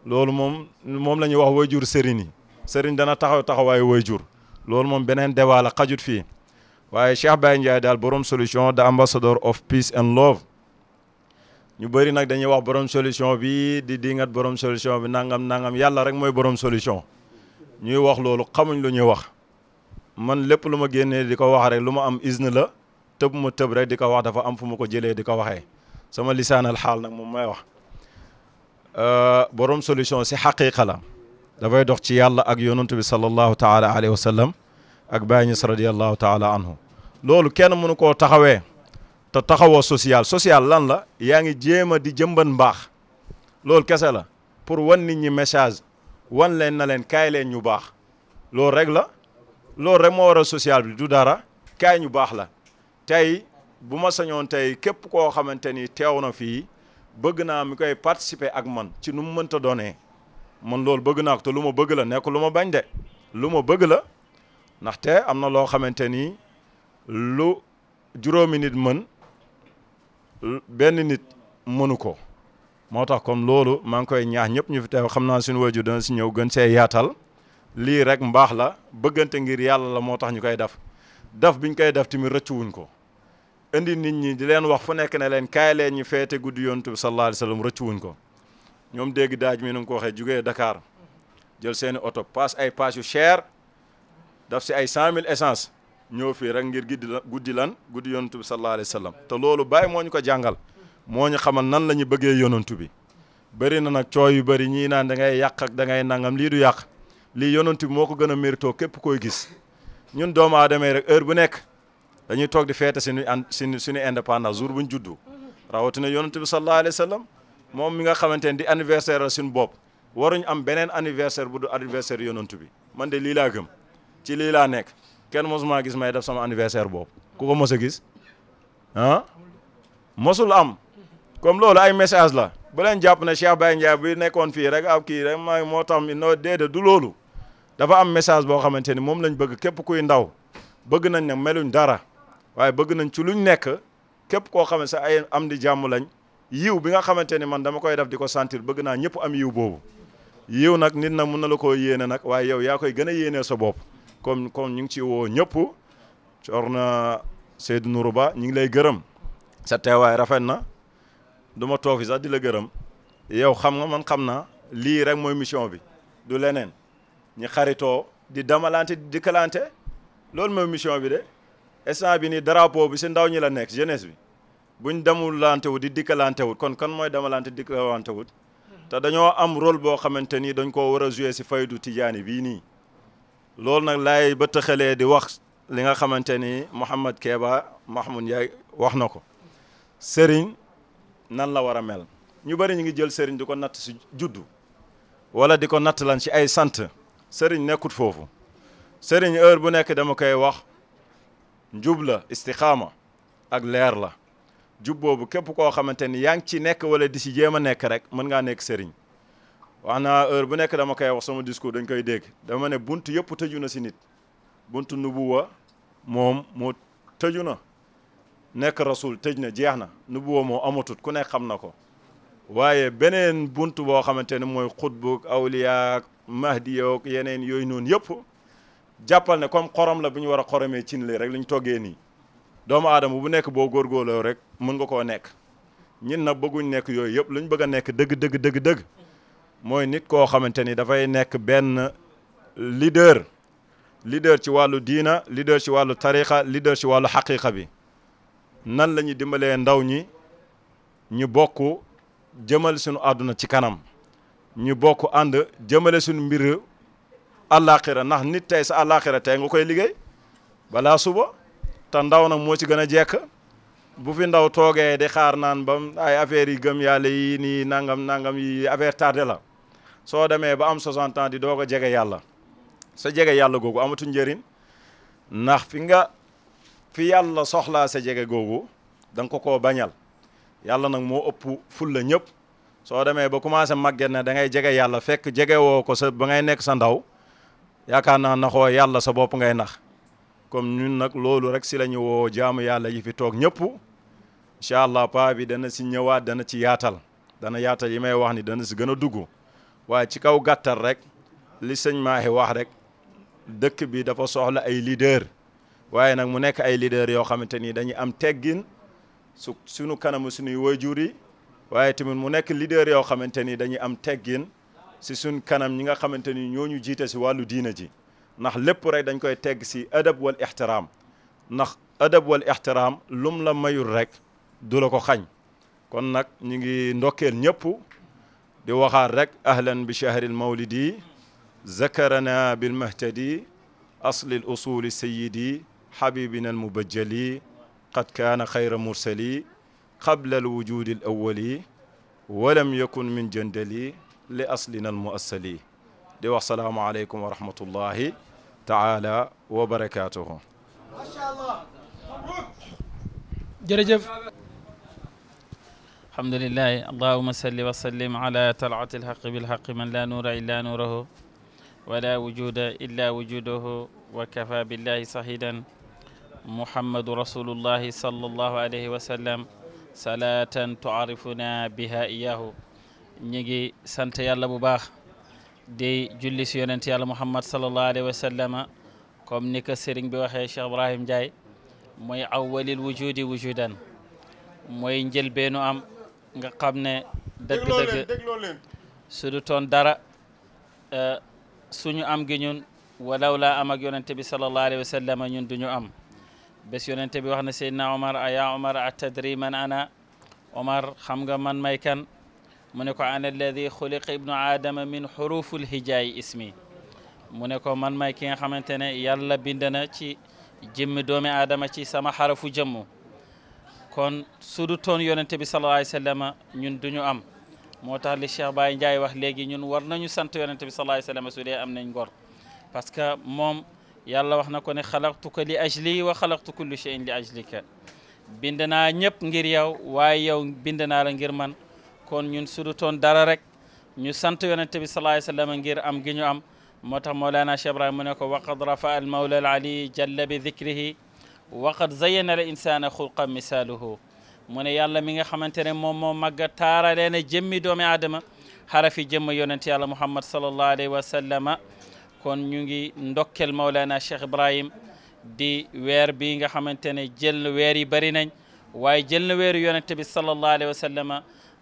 loolu moom moom la ñuy wax way jur sëriñ yi sëriñ dana taxaw taxawaayu way jur loolu moom beneen débat la xajut fii waaye Cheikh Baye daal borom solution the ambassador of peace and love ñu bëri nag dañuy wax borom solution bi di dingat borom solution bi nangam nangam yàlla rek mooy borom solution ñuy wax loolu xamuñ lu ñuy wax man lépp lu ma génnee di ko wax rek lu ma am isne la tëb ma tëb rek di ko wax dafa am fu ma ko jëlee di ko waxee sama lisaanal xaal nag moom may wax Euh, borom solution si xaqiqa la dafay dox ci yàlla ak yonantu bi sallallahu taala alayhi wa sallam ak Baay Ñas radiyallahu taala anhu loolu kenn mënu koo taxawee te taxawoo social social lan la yaa ngi jéem a di jëmban baax loolu kese la pour wan nit ñi message wan leen na leen kaay leen ñu baax loolu rek la loolu rek moo waral social bi du dara kaay ñu baax la tay bu ma sañoon tey képp koo xamante ni teew na fii bëgg naa mu koy participer ak man ci nu mu mënta doonee man lool bëgg naa ak te lu ma bëgg la nekk lu ma bañ de lu ma bëgg la ndaxte am na loo xamante ni lu juróomi nit mën benn nit mënu ko moo tax kon loolu maa ngi koy ñaax ñëpp ñu fi teew xam naa suñu wajur dana si ñëw gën see yaatal lii rek mbaax la bëggante ngir yàlla la moo tax ñu koy def def biñ koy def tamit rëccuwuñ ko indi nit ñi di leen wax fu nekk ne leen kaay leen ñu feete guddi yontu bi sallallahu alayhi wa sallam rëccuwuñ ko ñoom dégg daaj mi nu ko waxee jugee dakaar jël seeni oto paas ay paas yu cher daf si ay cent mille essence ñëw fii rek ngir guddi lan guddi lan guddi yontu bi sallallahu te loolu bàyyi moo ñu ko jàngal moo ñu xamal nan la ñu bëggee yonantu bi bëri na nag coow yu bëri ñii naan dangay ngay yàq ak da ngay nangam lii du yàq lii yonantu bi moo ko gën a méritoo képp koy gis ñun doomu aadama rek heure bu nekk dañuy toog di feete suñu suñu suñu indépendance jour bu ñu juddu rawatina yonent bi sallallahu alayhi wa sallam moom mi nga xamante ne di anniversaire la suñu bopp waruñ am beneen anniversaire bu du anniversaire yonent bi man de lii laa gëm ci lii laa nekk kenn mosuma gis may def sama anniversaire bopp ku ko mos a gis ah mosul am comme loolu ay message la bu leen jàpp ne Cheikh Baye Ndiaye bi nekkoon fii rek ab kii rek ma moo tax noo déedéet du loolu dafa am message boo xamante ni moom lañ bëgg képp kuy ndaw bëgg nañ ne meluñ dara waaye bëgg nañ ci luñ nekk képp koo xam sa ay am di jàmm lañ yiw bi nga xamante ni man dama koy def di ko sentir bëgg naa ñëpp am yiw boobu yiw nag nit nag mun na la koo yéene nag waaye yow yaa koy gën a yéenee sa bopp comme comme ñu ngi ci woo ñëpp Corna Seydou Nourou Ba ñu ngi lay gërëm sa teewaay rafet na du ma toog fi sax di la gërëm yow xam nga man xam naa lii rek mooy mission bi du leneen ñi xaritoo di damalante di dikkalante loolu mooy mission bi de instant bi nii drapeau bi si ndaw ñi la nekk jeunesse bi buñ demulantewut di dikkalantewut kon kan mooy demalante dikkalantewut hmm. te dañoo am rol boo xamante ni dañ koo war a jouer si faydu tijaani bii nii loolu nag laay ba tëxalee di wax li nga xamante ni Mouhamed Keba Mahmoud Ndiaye wax na ko sëriñ nan la war a mel ñu bari ñu ngi jël sëriñ di ko natt si juddu wala di ko natt lan si ay sant sëriñ nekkut foofu sëriñ heure bu nekk dama koy wax njub la istixaama ak leer la jub boobu képp koo xamante ni yaa ngi ci nekk wala di si jéem a nekk rek mën ngaa nekk sëriñ wax naa heure bu nekk dama koy wax sama discours dañ koy dégg dama ne bunt yëpp tëju na si nit bunt nubuwa moom moo tëju na nekk rasul tëj na jeex na nubuwa moo amatut ku nekk xam na ko waaye beneen bunt boo xamante ne mooy xutbu awliya mahdi yoog yeneen yooyu noonu yëpp jàppal ne comme xorom la bu ñu war a xoromee cin li rek lu ñu toggee nii doomu aadama bu nekk boo góorgóorloo rek mën nga koo nekk ñun na bëgguñ nekk yooyu yëpp lu ñu bëgg a nekk dëgg dëgg dëgg dëgg mooy nit koo xamante ni dafay nekk benn leader leader ci wàllu diina leader ci wàllu tariqa leader ci wàllu xaqiqa bi nan la ñuy dimbalee ndaw ñi ñu bokk jëmal sunu àdduna ci kanam ñu bokk ànd jëmale suñu mbir àllaaxira ndax nit tey sa àllaaxira tey nga koy liggéey balaa suba te ndaw nag moo ci gën a jekk bu fi ndaw toogee di xaar naan ba ay affaires yi gëm yàlla yi nii nangam nangam yi affaire tardé la soo demee ba am 60 di doog a jege yàlla sa jege yàlla googu amatu njëriñ ndax fi nga fi yàlla soxlaa sa jege googu da nga ko bañal yàlla nag moo ëpp fulla ñëpp soo demee ba commencé màgget ne da ngay jege yàlla fekk jege woo ko sa ba ngay nekk sa ndaw yaakaar naa naxoo yàlla sa bopp ngay nax comme ñun nag loolu rek si la ñu woo jaamu yàlla yi fi toog ñëpp incha allah paa bi dana si ñëwaat dana ci yaatal dana yaatal yi may wax ni dana si gën a dugg waaye ci kaw gàttal rek li sëñ Mahi wax rek dëkk bi dafa soxla ay leader waaye nag mu nekk ay leader yoo xamante ni dañuy am teggin su sunu kanamu suñuy wayjur yi waaye tamit mu nekk leader yoo xamante ni dañuy am teggin si suñ kanam ñi nga xamante ni ñoo ñu jiite si wàllu diina ji ndax lépp rek dañ koy tegg si adab wal ixtiraam ndax adab wal ixtiraam lum la mayul rek du la ko xañ kon nag ñu ngi ndokkeel ñëpp di waxaat rek ahlan bi chahril mawlidi zakarana bil mahtadi asli l usuli sayidi habibina al mubajjali qad kaana xayra mursali qabla al wujudi al awwali walam yakun min jëndali li aslinal muassali di wax salaamualeykum wa rahmatullahi taala wa barakaatuhu. jërëjëf. alhamdulilahi allahuma salli wa sallim ala talaati alxaqi bilxaqi man laa nuura illaa nuurahu wala wujuda illaa wujudahu wa kafa billahi sahidan muhammadu rasulullahi sallallahu alayhi wa sallam salatan tuarifuna biha iyahu ñu ngi sant yàlla bu baax di julli si yonent yàlla muhammad salallahu alayhi wa sallama comme ni ko sëriñ bi waxee Cheikh Ibrahim Ndiaye mooy awwalil wujudi wujudan mooy njëlbeenu am nga xam ne dëgg-dëgg su toon dara euh, suñu am gi ñun walaw laa am ak yonente bi salallahu alayhi wa ñun duñu am bés yonente bi wax seydna omar aya omar atadri man ana omar xam man may kan mu ne ko ana alladi xuliqa ibnu aadama min xuruful hijaayi ismi mu ne ko man may ki nga xamante ne yàlla bind na ci jëmmi doomi aadama ci sama xarafu jëmm kon su du toon yonente bi sallallahu alayhi ñun duñu am moo tax li Cheikh Baye Ndiaye wax léegi ñun war nañu sant yonente bi sallallahu alayhi wa am nañ gor parce que moom yàlla wax na ko ne xalaqtuka li ajli wa xalaqtu kulli shay'in li ajlika bind naa ñëpp ngir yow waaye yow bind naa la ngir man kon ñun su du dara rek ñu sant yonent bi sallallahu alayhi ngir am gi am moo tax Mawlana Cheikh Ibrahima mu ne ko waqad rafa al mawla jalla bi dikrihi waqad zayyana al insana xulqa misaaluhu mu ne yàlla mi nga xamante ne moom moo màgga taara leen a jëmmi doomi aadama xarafi jëmm yonent yàlla muhammad sallallahu alayhi wa sallama kon ñu ngi ndokkel Mawlana Cheikh Ibrahim di weer bi nga xamante ne jël weer yi bëri nañ waaye jël na weeru yonent bi sallallahu alayhi wa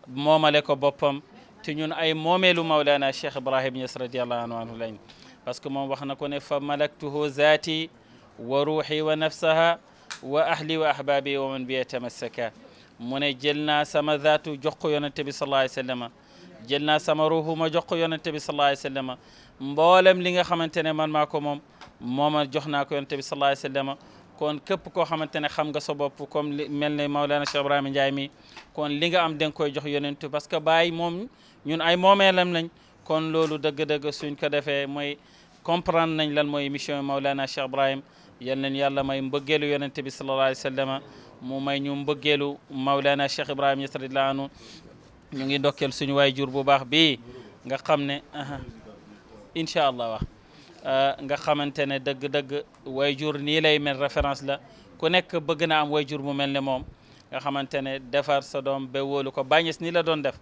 moomale ko boppam te ñun ay moomeelu mawlaana cheikh ibrahim ñas radiallahu anhu lañ parce que moom wax na ko ne fa malaktuhu zaati wa ruuxi wa nafsaha wa ahli wa ahbaabi wa man bi yatamassaka mu ne jël naa sama zaatu jox ko yonente bi sallallahu alayhi wa sallam jël naa sama ruuxu ma jox ko yonente bi sallallahu alayhi wa sallam mboolem li nga xamante ne man maa ko moom mooma jox naa ko yonente bi sallallahu alayhi wa sallam kon képp koo xamante ne xam nga sa bopp comme mel ne Maulana Cheikh Ibrahima Ndiaye mi kon li nga am da nga koy jox yonentu parce que Baay moom ñun ay moomeelam nañ kon loolu dëgg-dëgg suñ ko defee mooy comprendre nañ lan mooy mission Maulana Cheikh Ibrahim yal nañ yàlla may mbëggeelu yonente bi sallallahu alayhi wa sallam mu may ñu mbëggeelu Maulana Cheikh Ibrahim Niass radiyallahu anhu ñu ngi ndokkeel suñu waay jur bu baax bii nga xam ne incha allah wax Eh, nga xamante ne dëgg-dëgg wayjur nii lay mel référence la ku nekk bëgg na am wayjur mu mel ne moom nga xamante ne defar sa doom ba wóolu ko bàñes nii la doon def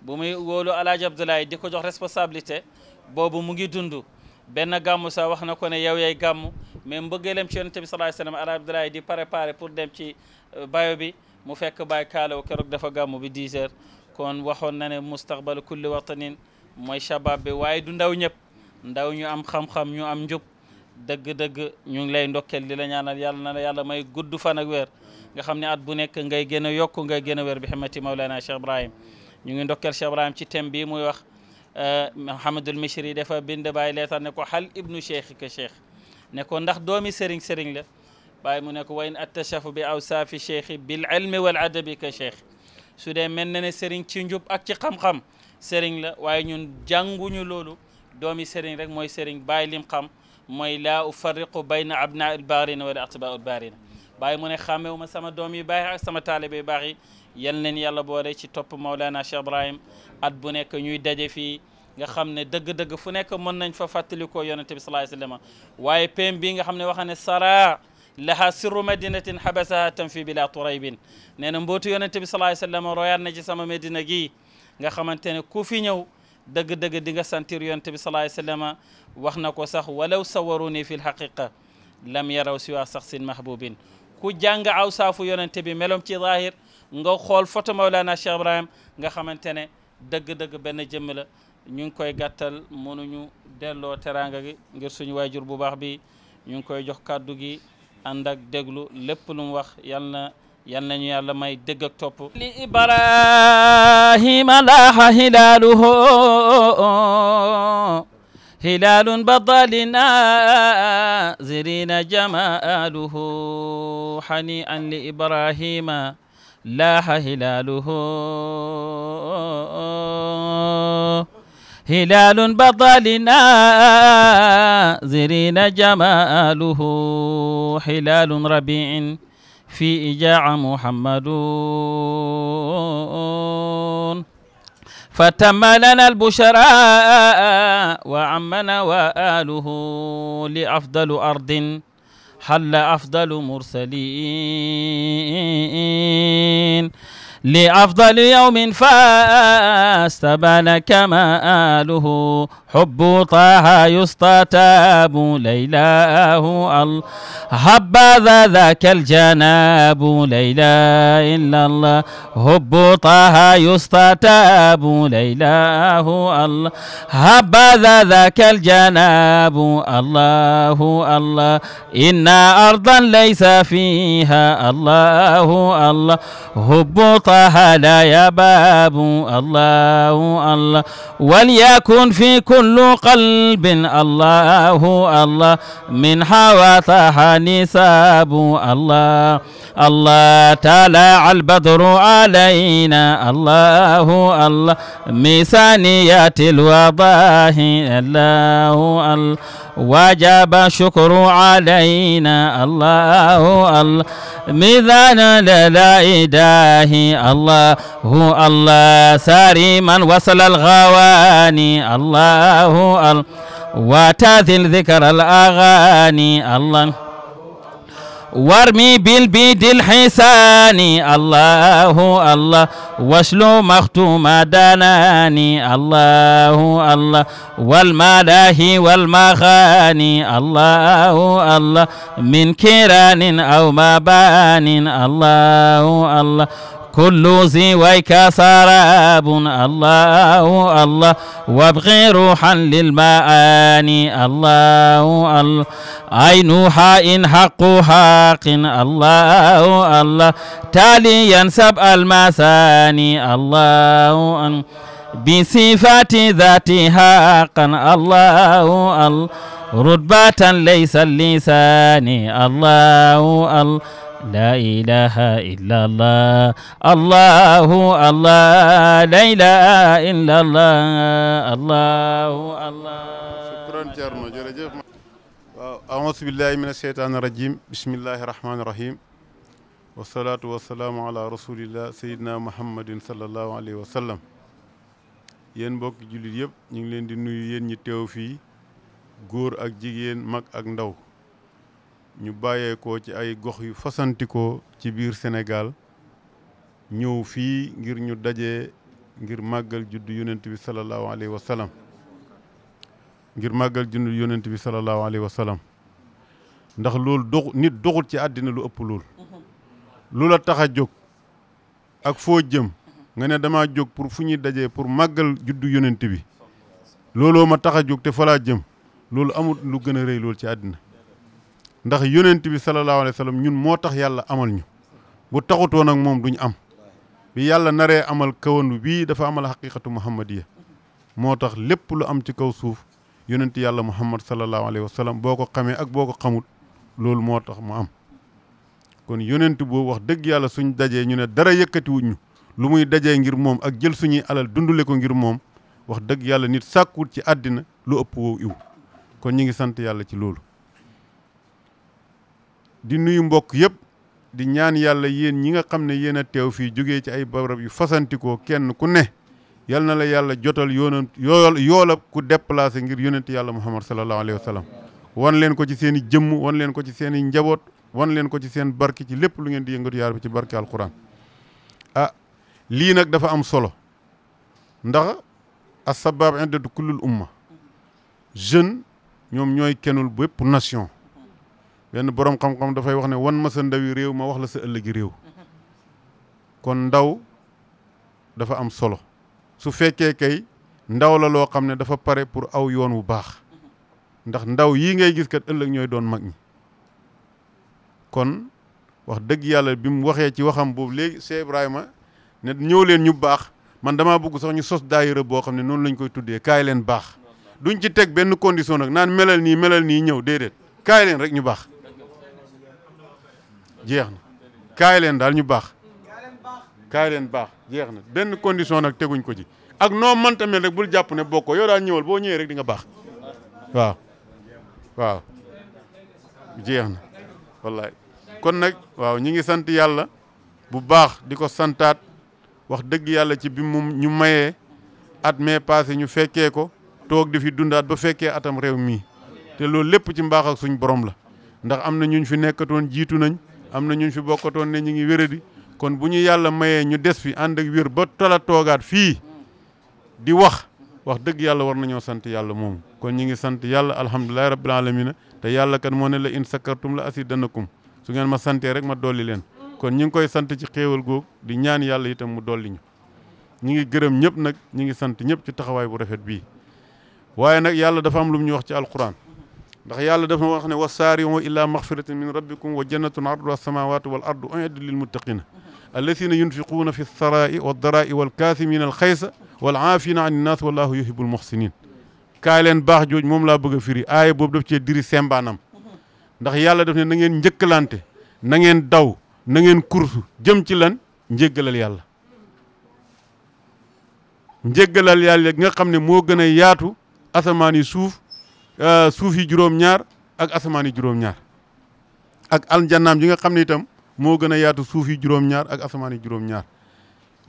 bu muy wóolu Alaaji Abdoulaye di ko jox responsabilité boobu mu ngi dund benn gàmmu sa wax na ko ne yow yaay gàmmu mais mbëggeelam ci yonente bi sallallahu alayhi wasallam Alaaji Abdoulaye di préparé pour dem ci eh, bayo bi mu fekk baay kaalaw keroog dafa gàmmu bi 10 heures kon waxoon na ne mustaqbalu kulli watanin mooy shabab bi waaye du ndaw ñëpp ndaw ñu am xam-xam ñu am njub dëgg-dëgg ñu ngi lay ndokkeel di la ñaanal yàlla na la yàlla may gudd fanak weer nga xam ne at bu nekk ngay gën a yokk ngay gën a weer bi xamati Mawlana Cheikh Ibrahim ñu ngi ndokkeel Cheikh Ibrahim ci thème bii muy wax eh, Mouhamadul Misri dafa bind bàyyi leetar ne ko xal ibnu cheikh ka cheikh ne ndax doomi sëriñ sëriñ la bàyyi mu ne ko wayn attachafu bi awsaafi cheikhi bil ilmi wal adabi ka cheikh su dee mel na ne sëriñ ci njub ak ci xam-xam sëriñ la waaye ñun jànguñu loolu doomi sëriñ rek mooy sëriñ bàyyi lim xam mooy laa ufarriqu bayna abnaa il baarina wala atbaa il baarina bàyyi mu ne xàmmewuma sama doom yu baax ak sama taalibe yu baax yi yan leen yàlla boole ci topp Maulana Cheikh Ibrahim at bu nekk ñuy daje fii nga xam ne dëgg-dëgg fu nekk mën nañ fa fàttalikoo yonente bi sallallahu alayhi wa sallam waaye pem bi nga xam ne waxa ne sara laha sirru madinatin habasaha tanfi bila turaybin nee na mbootu yonente bi sallallahu alayhi wa sallam royaat na ci sama medina gii nga xamante ne ku fi ñëw dëgg-dëgg di nga sentir yonent bi salaay sallama wax na ko sax walaw sawaruni fi lxaqiqa lam yaraw siwa sax sin mahbubin ku jàng aw saafu yonent bi melom ci zahir nga xool photo Mawlana Cheikh Ibrahim nga xamante ne dëgg-dëgg benn jëmm la ñu ngi koy gàttal mënuñu delloo teraanga gi ngir suñu waajur bu baax bi ñu ngi koy jox kàddu gi ànd ak déglu lépp lu wax yàlla na yal nañu may dégg ak topp li ibrahima laaxa badalina zirina jamaaluhu hani an في إجاع محمد فتم لنا البشرى وعمنا وآله لأفضل أرض حل أفضل مرسلين لأفضل يوم فاستبان كماله حب طه يستتاب ليلاه الحبذا ذاك الجناب ليلا إلا الله حب طه يستتاب ليلاه الحبذا ذاك الجناب الله الله إن أرضا ليس فيها الله الله حب طه لا يباب الله الله وليكن فيكم كل قلب الله الله من حواتها نساب الله الله تلاع البدر علينا الله الله ميسانيات الوضاه الله الله وجب الشكر علينا الله الله ميزان لا إله الله هو الله ساري من وصل الغواني الله الله وتاثل ذكر الأغاني الله وارمي بالبيد الحساني الله الله واشلو مختوم داناني الله الله والملاهي والمغاني الله الله من كيران أو مبان الله الله كل سواك سراب الله الله وابغي روحا للمعاني الله الله عينها إن حق حق الله الله تاليا سبع المثاني الله الله بصفات ذاتها قن الله الله رتبة ليس اللسان الله الله لا إله إلا الله الله الله لا إله إلا الله الله الله شكرا جرم جرجف أعوذ بالله من الشيطان الرجيم بسم الله الرحمن الرحيم والصلاة والسلام على رسول الله سيدنا محمد صلى الله عليه وسلم yéen mbokki jullit yëpp ñu ngi leen di nuyu yéen ñi teew fii góor ak jigéen mag ak ndaw ñu bàyyeekoo ci ay gox yu fasantikoo ci biir senegal ñëw fii ngir ñu daje ngir màggal juddu yonent bi sallallahu alayhi wa sallam ngir màggal juddu yonent bi sallallahu alayhi wa sallam ndax loolu dox nit doxul ci àddina lu ëpp loolu lu la tax a jóg ak foo jëm nga ne damaa jóg pour fu ñuy dajee pour màggal juddu yonent bi looloo ma tax a jóg te falaa jëm loolu amul lu gën a rëy lool ci àddina. ndax yonent bi sallallahu alayhi wa sallam ñun moo tax yàlla amal ñu bu taxutoon nag moom duñu am bi yàlla naree amal kawan bii dafa amal xaqiqatu muhammadiya moo tax lépp lu am ci kaw suuf yonent yàlla muhammad sallallahu alayhi wa sallam boo ko xamee ak boo ko xamul loolu moo tax mu am kon yonent boobu wax dëgg yàlla suñ dajee ñu ne dara yëkkatiwuñ ñu lu muy dajee ngir moom ak jël suñuy alal dundule ko ngir moom wax dëgg yàlla nit sàkkut ci àddina lu ëpp iw kon ñu ngi sant yàlla ci loolu di nuyu mbokk yëpp di ñaan yàlla yéen ñi nga xam ne yéen a teew fii jógee ci ay barab yu fasantikoo kenn ku ne yal na la yàlla jotal yoonant yool yoola ku déplacé ngir yonent yàlla muhammad sallallahu alayhi wa sallam wan leen ko ci seen i jëmm wan leen ko ci seeni njaboot wan leen ko ci seen barke ci lépp lu ngeen di yëngatu yaar ci barke alquran ah lii nag dafa am solo ndax as sabab indatu kullul umma jeune ñoom ñooy kenul bépp nation benn borom xam-xam dafay wax ne wan ma sa ndawi réew ma wax la sa ëllëgi réew kon ndaw dafa am solo su fekkee kay ndaw la loo xam ne dafa pare pour aw yoon wu baax ndax ndaw yii ngay gis kat ëllëg ñooy doon mag ñi kon wax dëgg yàlla bi mu waxee ci waxam boobu léegi Cheikh Ibrahima ne ñëw leen ñu baax man damaa bugg sax ñu sos daayira boo xam ne noonu lañ koy tuddee kaay leen baax duñ ci teg benn condition nag naan melal nii melal nii ñëw déedéet kaay leen rek ñu baax jeex na kaay leen daal ñu baax kaay leen baax jeex na benn condition nag teguñ ko ci ak noo mënta mel rek bul jàpp ne bokkoo yow daal ñëwal boo ñëwee rek di nga baax waaw waaw jeex na wallaay kon nag waaw ñi ngi sant yàlla bu baax di ko santaat wax dëgg yàlla ci bi mu ñu mayee at mee passé ñu fekkee ko toog di fi dundaat ba fekkee atam réew mii te loolu lépp ci mbaax ak suñ borom la ndax am na ñu fi nekkatoon jiitu nañ am na ñu fi bokkatoon ne ñu ngi wéradi kon bu ñu yàlla mayee ñu des fi ànd ak wér ba tala toogaat fii di wax wax dëgg yàlla war nañoo sant yàlla moom kon ñu ngi sant yàlla alhamdulilahi rabbil alamina te yàlla kan moo ne la in sakartum la asidanakum su ngeen ma santee rek ma dolli leen kon ñu ngi koy sant ci xéewal googu di ñaan yàlla itam mu dolli ñu ñu ngi gërëm ñëpp nag ñu ngi sant ñëpp ci taxawaay bu rafet bii waaye nag yàlla dafa am lu mu wax ci alquran ndax yàlla dafa wax ne wa saari'u ila maxfiratin min rabbikum wa jannatun arduha samawatu wal ardu uiddat lil muttaqina alladina yunfiquuna fi sarai wa darai wal kaasimina al xaysa wal aafina an innaas wallahu yuhibbul muxsinin kaay leen baax jooj moom laa bëgg a firi aaya boobu daf cee diri sembaanam ndax yàlla daf ne na ngeen njëkkalante na ngeen daw na ngeen kursu jëm ci lan njéggalal yàlla njéggalal yàlla nga xam ne moo gën a yaatu asamaan yi suuf Euh, suuf yi juróom-ñaar ak asamaani yi ñaar ak aljannaam yi nga xam ne itam moo gën a yaatu suufi yi ñaar ak asamaan yi ñaar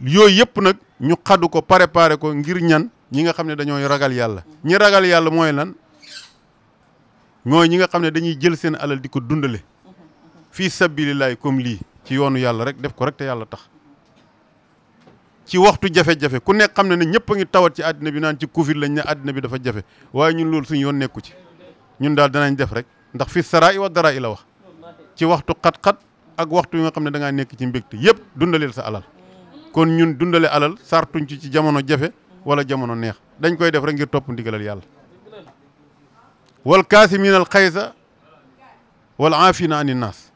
yooyu yëpp nag ñu xadu ko préparé ko ngir ñan ñi nga xam ne dañooy ragal yàlla ñi ragal yàlla mooy lan mooy ñi nga xam ne dañuy jël seen alal di ko dundale mhm, mhm. fii sabilillahi comme lii ci yoonu yàlla rek def ko rek te yàlla tax ci waxtu jafe-jafe ku nekk xam ne ne ñëpp ngi tawat ci àddina bi naan ci Covid lañ ne àddina bi dafa jafe waaye ñun loolu suñu yoon nekku ci ñun daal danañ def rek ndax fi saraa i wa daraa i la wax ci waxtu xat-xat ak waxtu yi nga xam ne da ngaa nekk ci mbégte yëpp dundaleel sa alal kon ñun dundale alal sartuñ ci ci jamono jafe wala jamono neex dañ koy def rek ngir topp ndigalal yàlla wal kaasimiina al xaysa wal aafina ani naas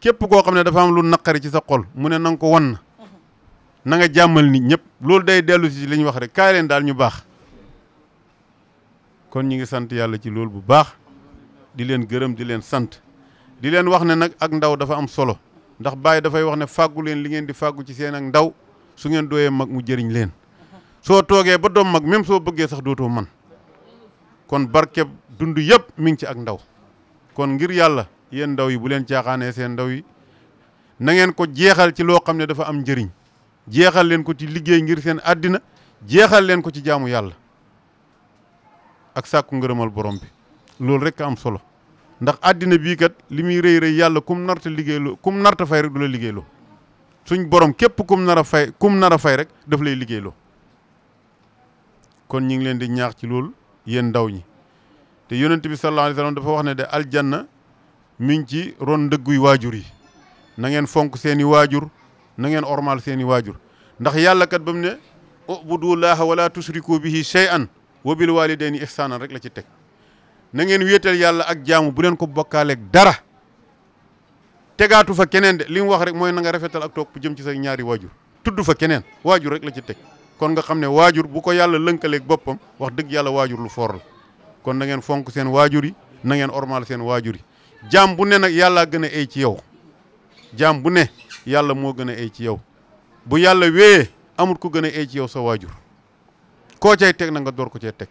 képp koo xam ne dafa am lu naqari ci sa xol mu ne na ko wan na nga jàmmal nit ñëpp loolu day dellu si li ñu wax rek kaay leen daal ñu baax kon ñu ngi sant yàlla ci loolu bu baax di leen gërëm di leen sant di leen wax ne nag ak ndaw dafa am solo ndax baay dafay wax ne fàggu leen li ngeen di fàggu ci seen ak ndaw su ngeen dooyee mag mu jëriñ leen soo toogee ba doom mag même soo bëggee sax dootoo man kon barkeb dund yëpp mi ci ak ndaw kon ngir yàlla yéen ndaw yi bu leen caaxaanee seen ndaw yi na ngeen ko jeexal ci loo xam ne dafa am njëriñ jeexal leen ko ci liggéey ngir seen àddina jeexal leen ko ci jaamu yàlla ak sàkku ngërëmal borom bi loolu rek am solo ndax àddina bii kat li muy rëy rëy yàlla kum narta liggéeyloo kum narta fay rek du la liggéeyloo suñ borom képp kum nar a fay kum nara a fay rek daf lay liggéeyloo kon ñu ngi leen di ñaax ci loolu yéen ndaw ñi te yonent bi sallallahu alayhi wasallam dafa wax ne de aljanna mi ngi ci ron ndëgguy waajur yi nangeen fonk seeni waajur na ngeen ormal seen waajur ndax yàlla kat ba mu ne ubudullaha wala tusriku bihi shay'an wa bil walidayni ihsanan rek la ci teg na ngeen wéetal yàlla ak jaamu bu leen ko bokkaaleeg dara tegaatu fa keneen de li mu wax rek mooy na nga rafetal ak topp jëm ci say ñaari waajur tudd fa keneen waajur rek la ci teg kon nga xam ne waajur bu ko yàlla lënkaleeg boppam wax dëgg yàlla waajur lu fooral kon na ngeen fonk seen waajur yi na ngeen ormal seen waajur yi jaam bu ne nag yàllaa gën a ay ci yow yàlla moo gën a ay ci yow bu yàlla wéyee amul ko gën a ay ci yow sa waajur koo cay teg na nga door ko cee teg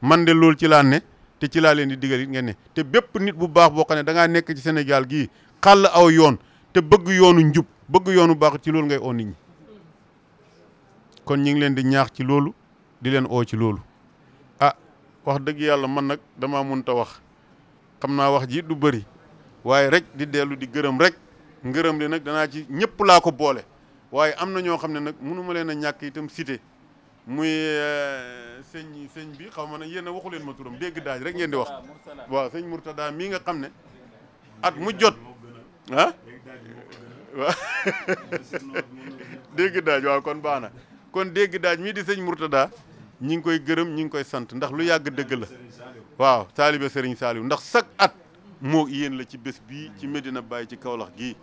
man de loolu ci laa ne te ci laa leen di digal it ngeen ne te bépp nit bu baax boo xam ne da nekk ci senegal gi xàll aw yoon te bëgg yoonu njub bëgg yoonu baax ci loolu ngay oo nit ñi kon ñu ngi leen di ñaax ci loolu di leen oo ci loolu a ah, wax dëgg yàlla man nag dama damaa mënta wax xam naa wax ji du bari waaye rek di dellu di gërëm rek ngërëm li nag danaa ci ñëpp laa ko boole waaye am na ñoo xam ne nag mënuma leen a ñàkk itam cité muy euh, sëñ sëñ bi xaw ma ne yéen a waxu leen ma turam dégg daaj rek ngeen di wax waaw sëñ Mourtada mii nga xam ne at mu jot ah waaw dégg kon baax kon dégg daaj mii di sëñ Mourtada ñi ngi koy gërëm ñi ngi koy sant ndax lu yàgg dëgg la waaw taalibe sëriñ Saliou ndax sak at moo yéen la ci bés bi ci Medina Baye ci Kaolack gii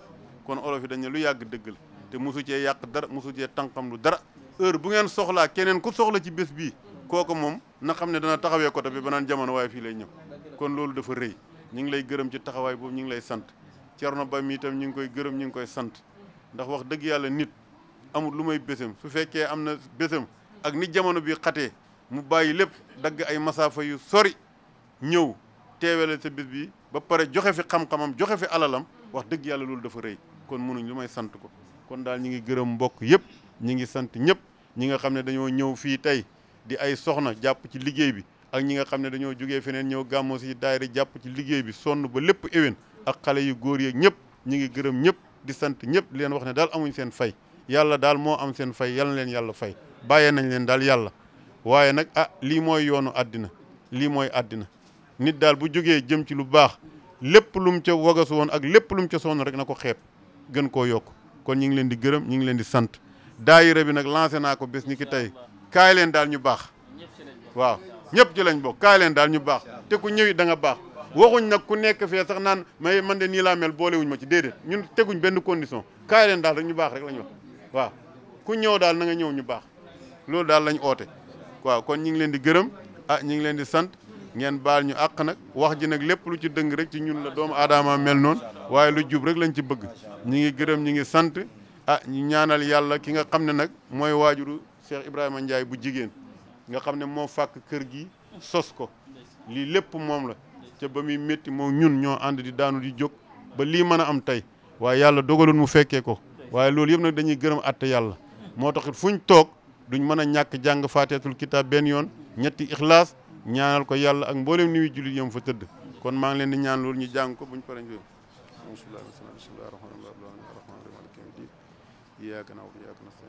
kon olof yi dañ lu yàgg dëgg la te mosu cee yàq dara mosu cee tànqam lu dara heure bu ngeen soxlaa keneen ku soxla ci bés bii kooko moom na xam ne dana taxawee côté bi ba naan jamono waaye fii lay ñëw kon loolu dafa rëy ñu ngi lay gërëm ci taxawaay boobu ñu ngi lay sant Cerno Ba mi tam ñu ngi koy gërëm ñu ngi koy sant ndax wax dëgg yàlla nit amul lu may bésam su fekkee am na bésam ak ni jamono bi xatee mu bàyyi lépp dagg ay masaafa yu sori ñëw teewele sa bés bi ba pare joxe fi xam joxe fi alalam wax dëgg yàlla loolu dafa rëy kon mënuñ lu may sant ko kon daal ñi ngi gërëm mbokk yëpp ñi ngi sant ñëpp ñi nga xam ne dañoo ñëw fii tey di ay soxna jàpp ci liggéey bi ak ñi nga xam ne dañoo jógee feneen ñëw gàmmoo si daayira jàpp ci liggéey bi sonn ba lépp éwén ak xale yu góor yeeg ñëpp ñi ngi gërëm ñëpp di sant ñëpp leen wax ne daal amuñ seen fay yàlla daal moo am seen fay yal leen yàlla fay bàyyee nañ leen daal yàlla waaye nag ah lii mooy yoonu àddina lii mooy àddina nit daal bu jógee jëm ci lu baax lépp lu mu ca wagasu woon ak lépp lu mu ca sonn rek na ko xeeb gën koo yokk kon ñu ngi leen di gërëm ñu ngi leen di sant daayira bi nag lancé naa ko bés ni ki tey kaay leen daal ñu baax waaw ñëpp ci lañ boo kaay leen daal ñu baax te ku ñëwit da nga baax waxuñ nag ku nekk fee sax naan may man de nii laa mel boolewuñ ma ci déedéet ñun teguñ benn condition kaay leen daal rek ñu baax rek la ñu wax waaw ku ñëw daal na nga ñëw ñu baax loolu daal lañ oote waaw kon ñu ngi leen di gërëm ah ñu ngi leen di sant ngeen baal ñu àq nag wax ji nag lépp lu ci dëng rek ci ñun la doomu aadama mel noon waaye lu jub rek lañ ci bëgg ñi ngi gërëm ñi ngi sant a ah, ñu ñaanal yàlla ki nga xam ne nag mooy waajuru Cheikh Ibrahima njaay bu jigéen nga xam ne moo fàkk kër gi sos ko lii lépp moom la ca ba muy métti moo ñun ñoo ànd di daanu di jóg ba lii mën a am tey waaye yàlla dogaloon mu fekkee ko waaye loolu yëpp nag dañuy gërëm att yàlla moo taxit fu ñu toog duñ mën a ñàkk jàng faateetul kitaab benn yoon ñetti ixlaas ñaanal ko yàlla ak mboolem nuyu jullit yom fa tëdd kon maa ngi leen di ñaan loolu ñu jàng ko buñ paree bismillaahi rahmaani rahiim iyyaka na'budu wa iyyaka nasta'iin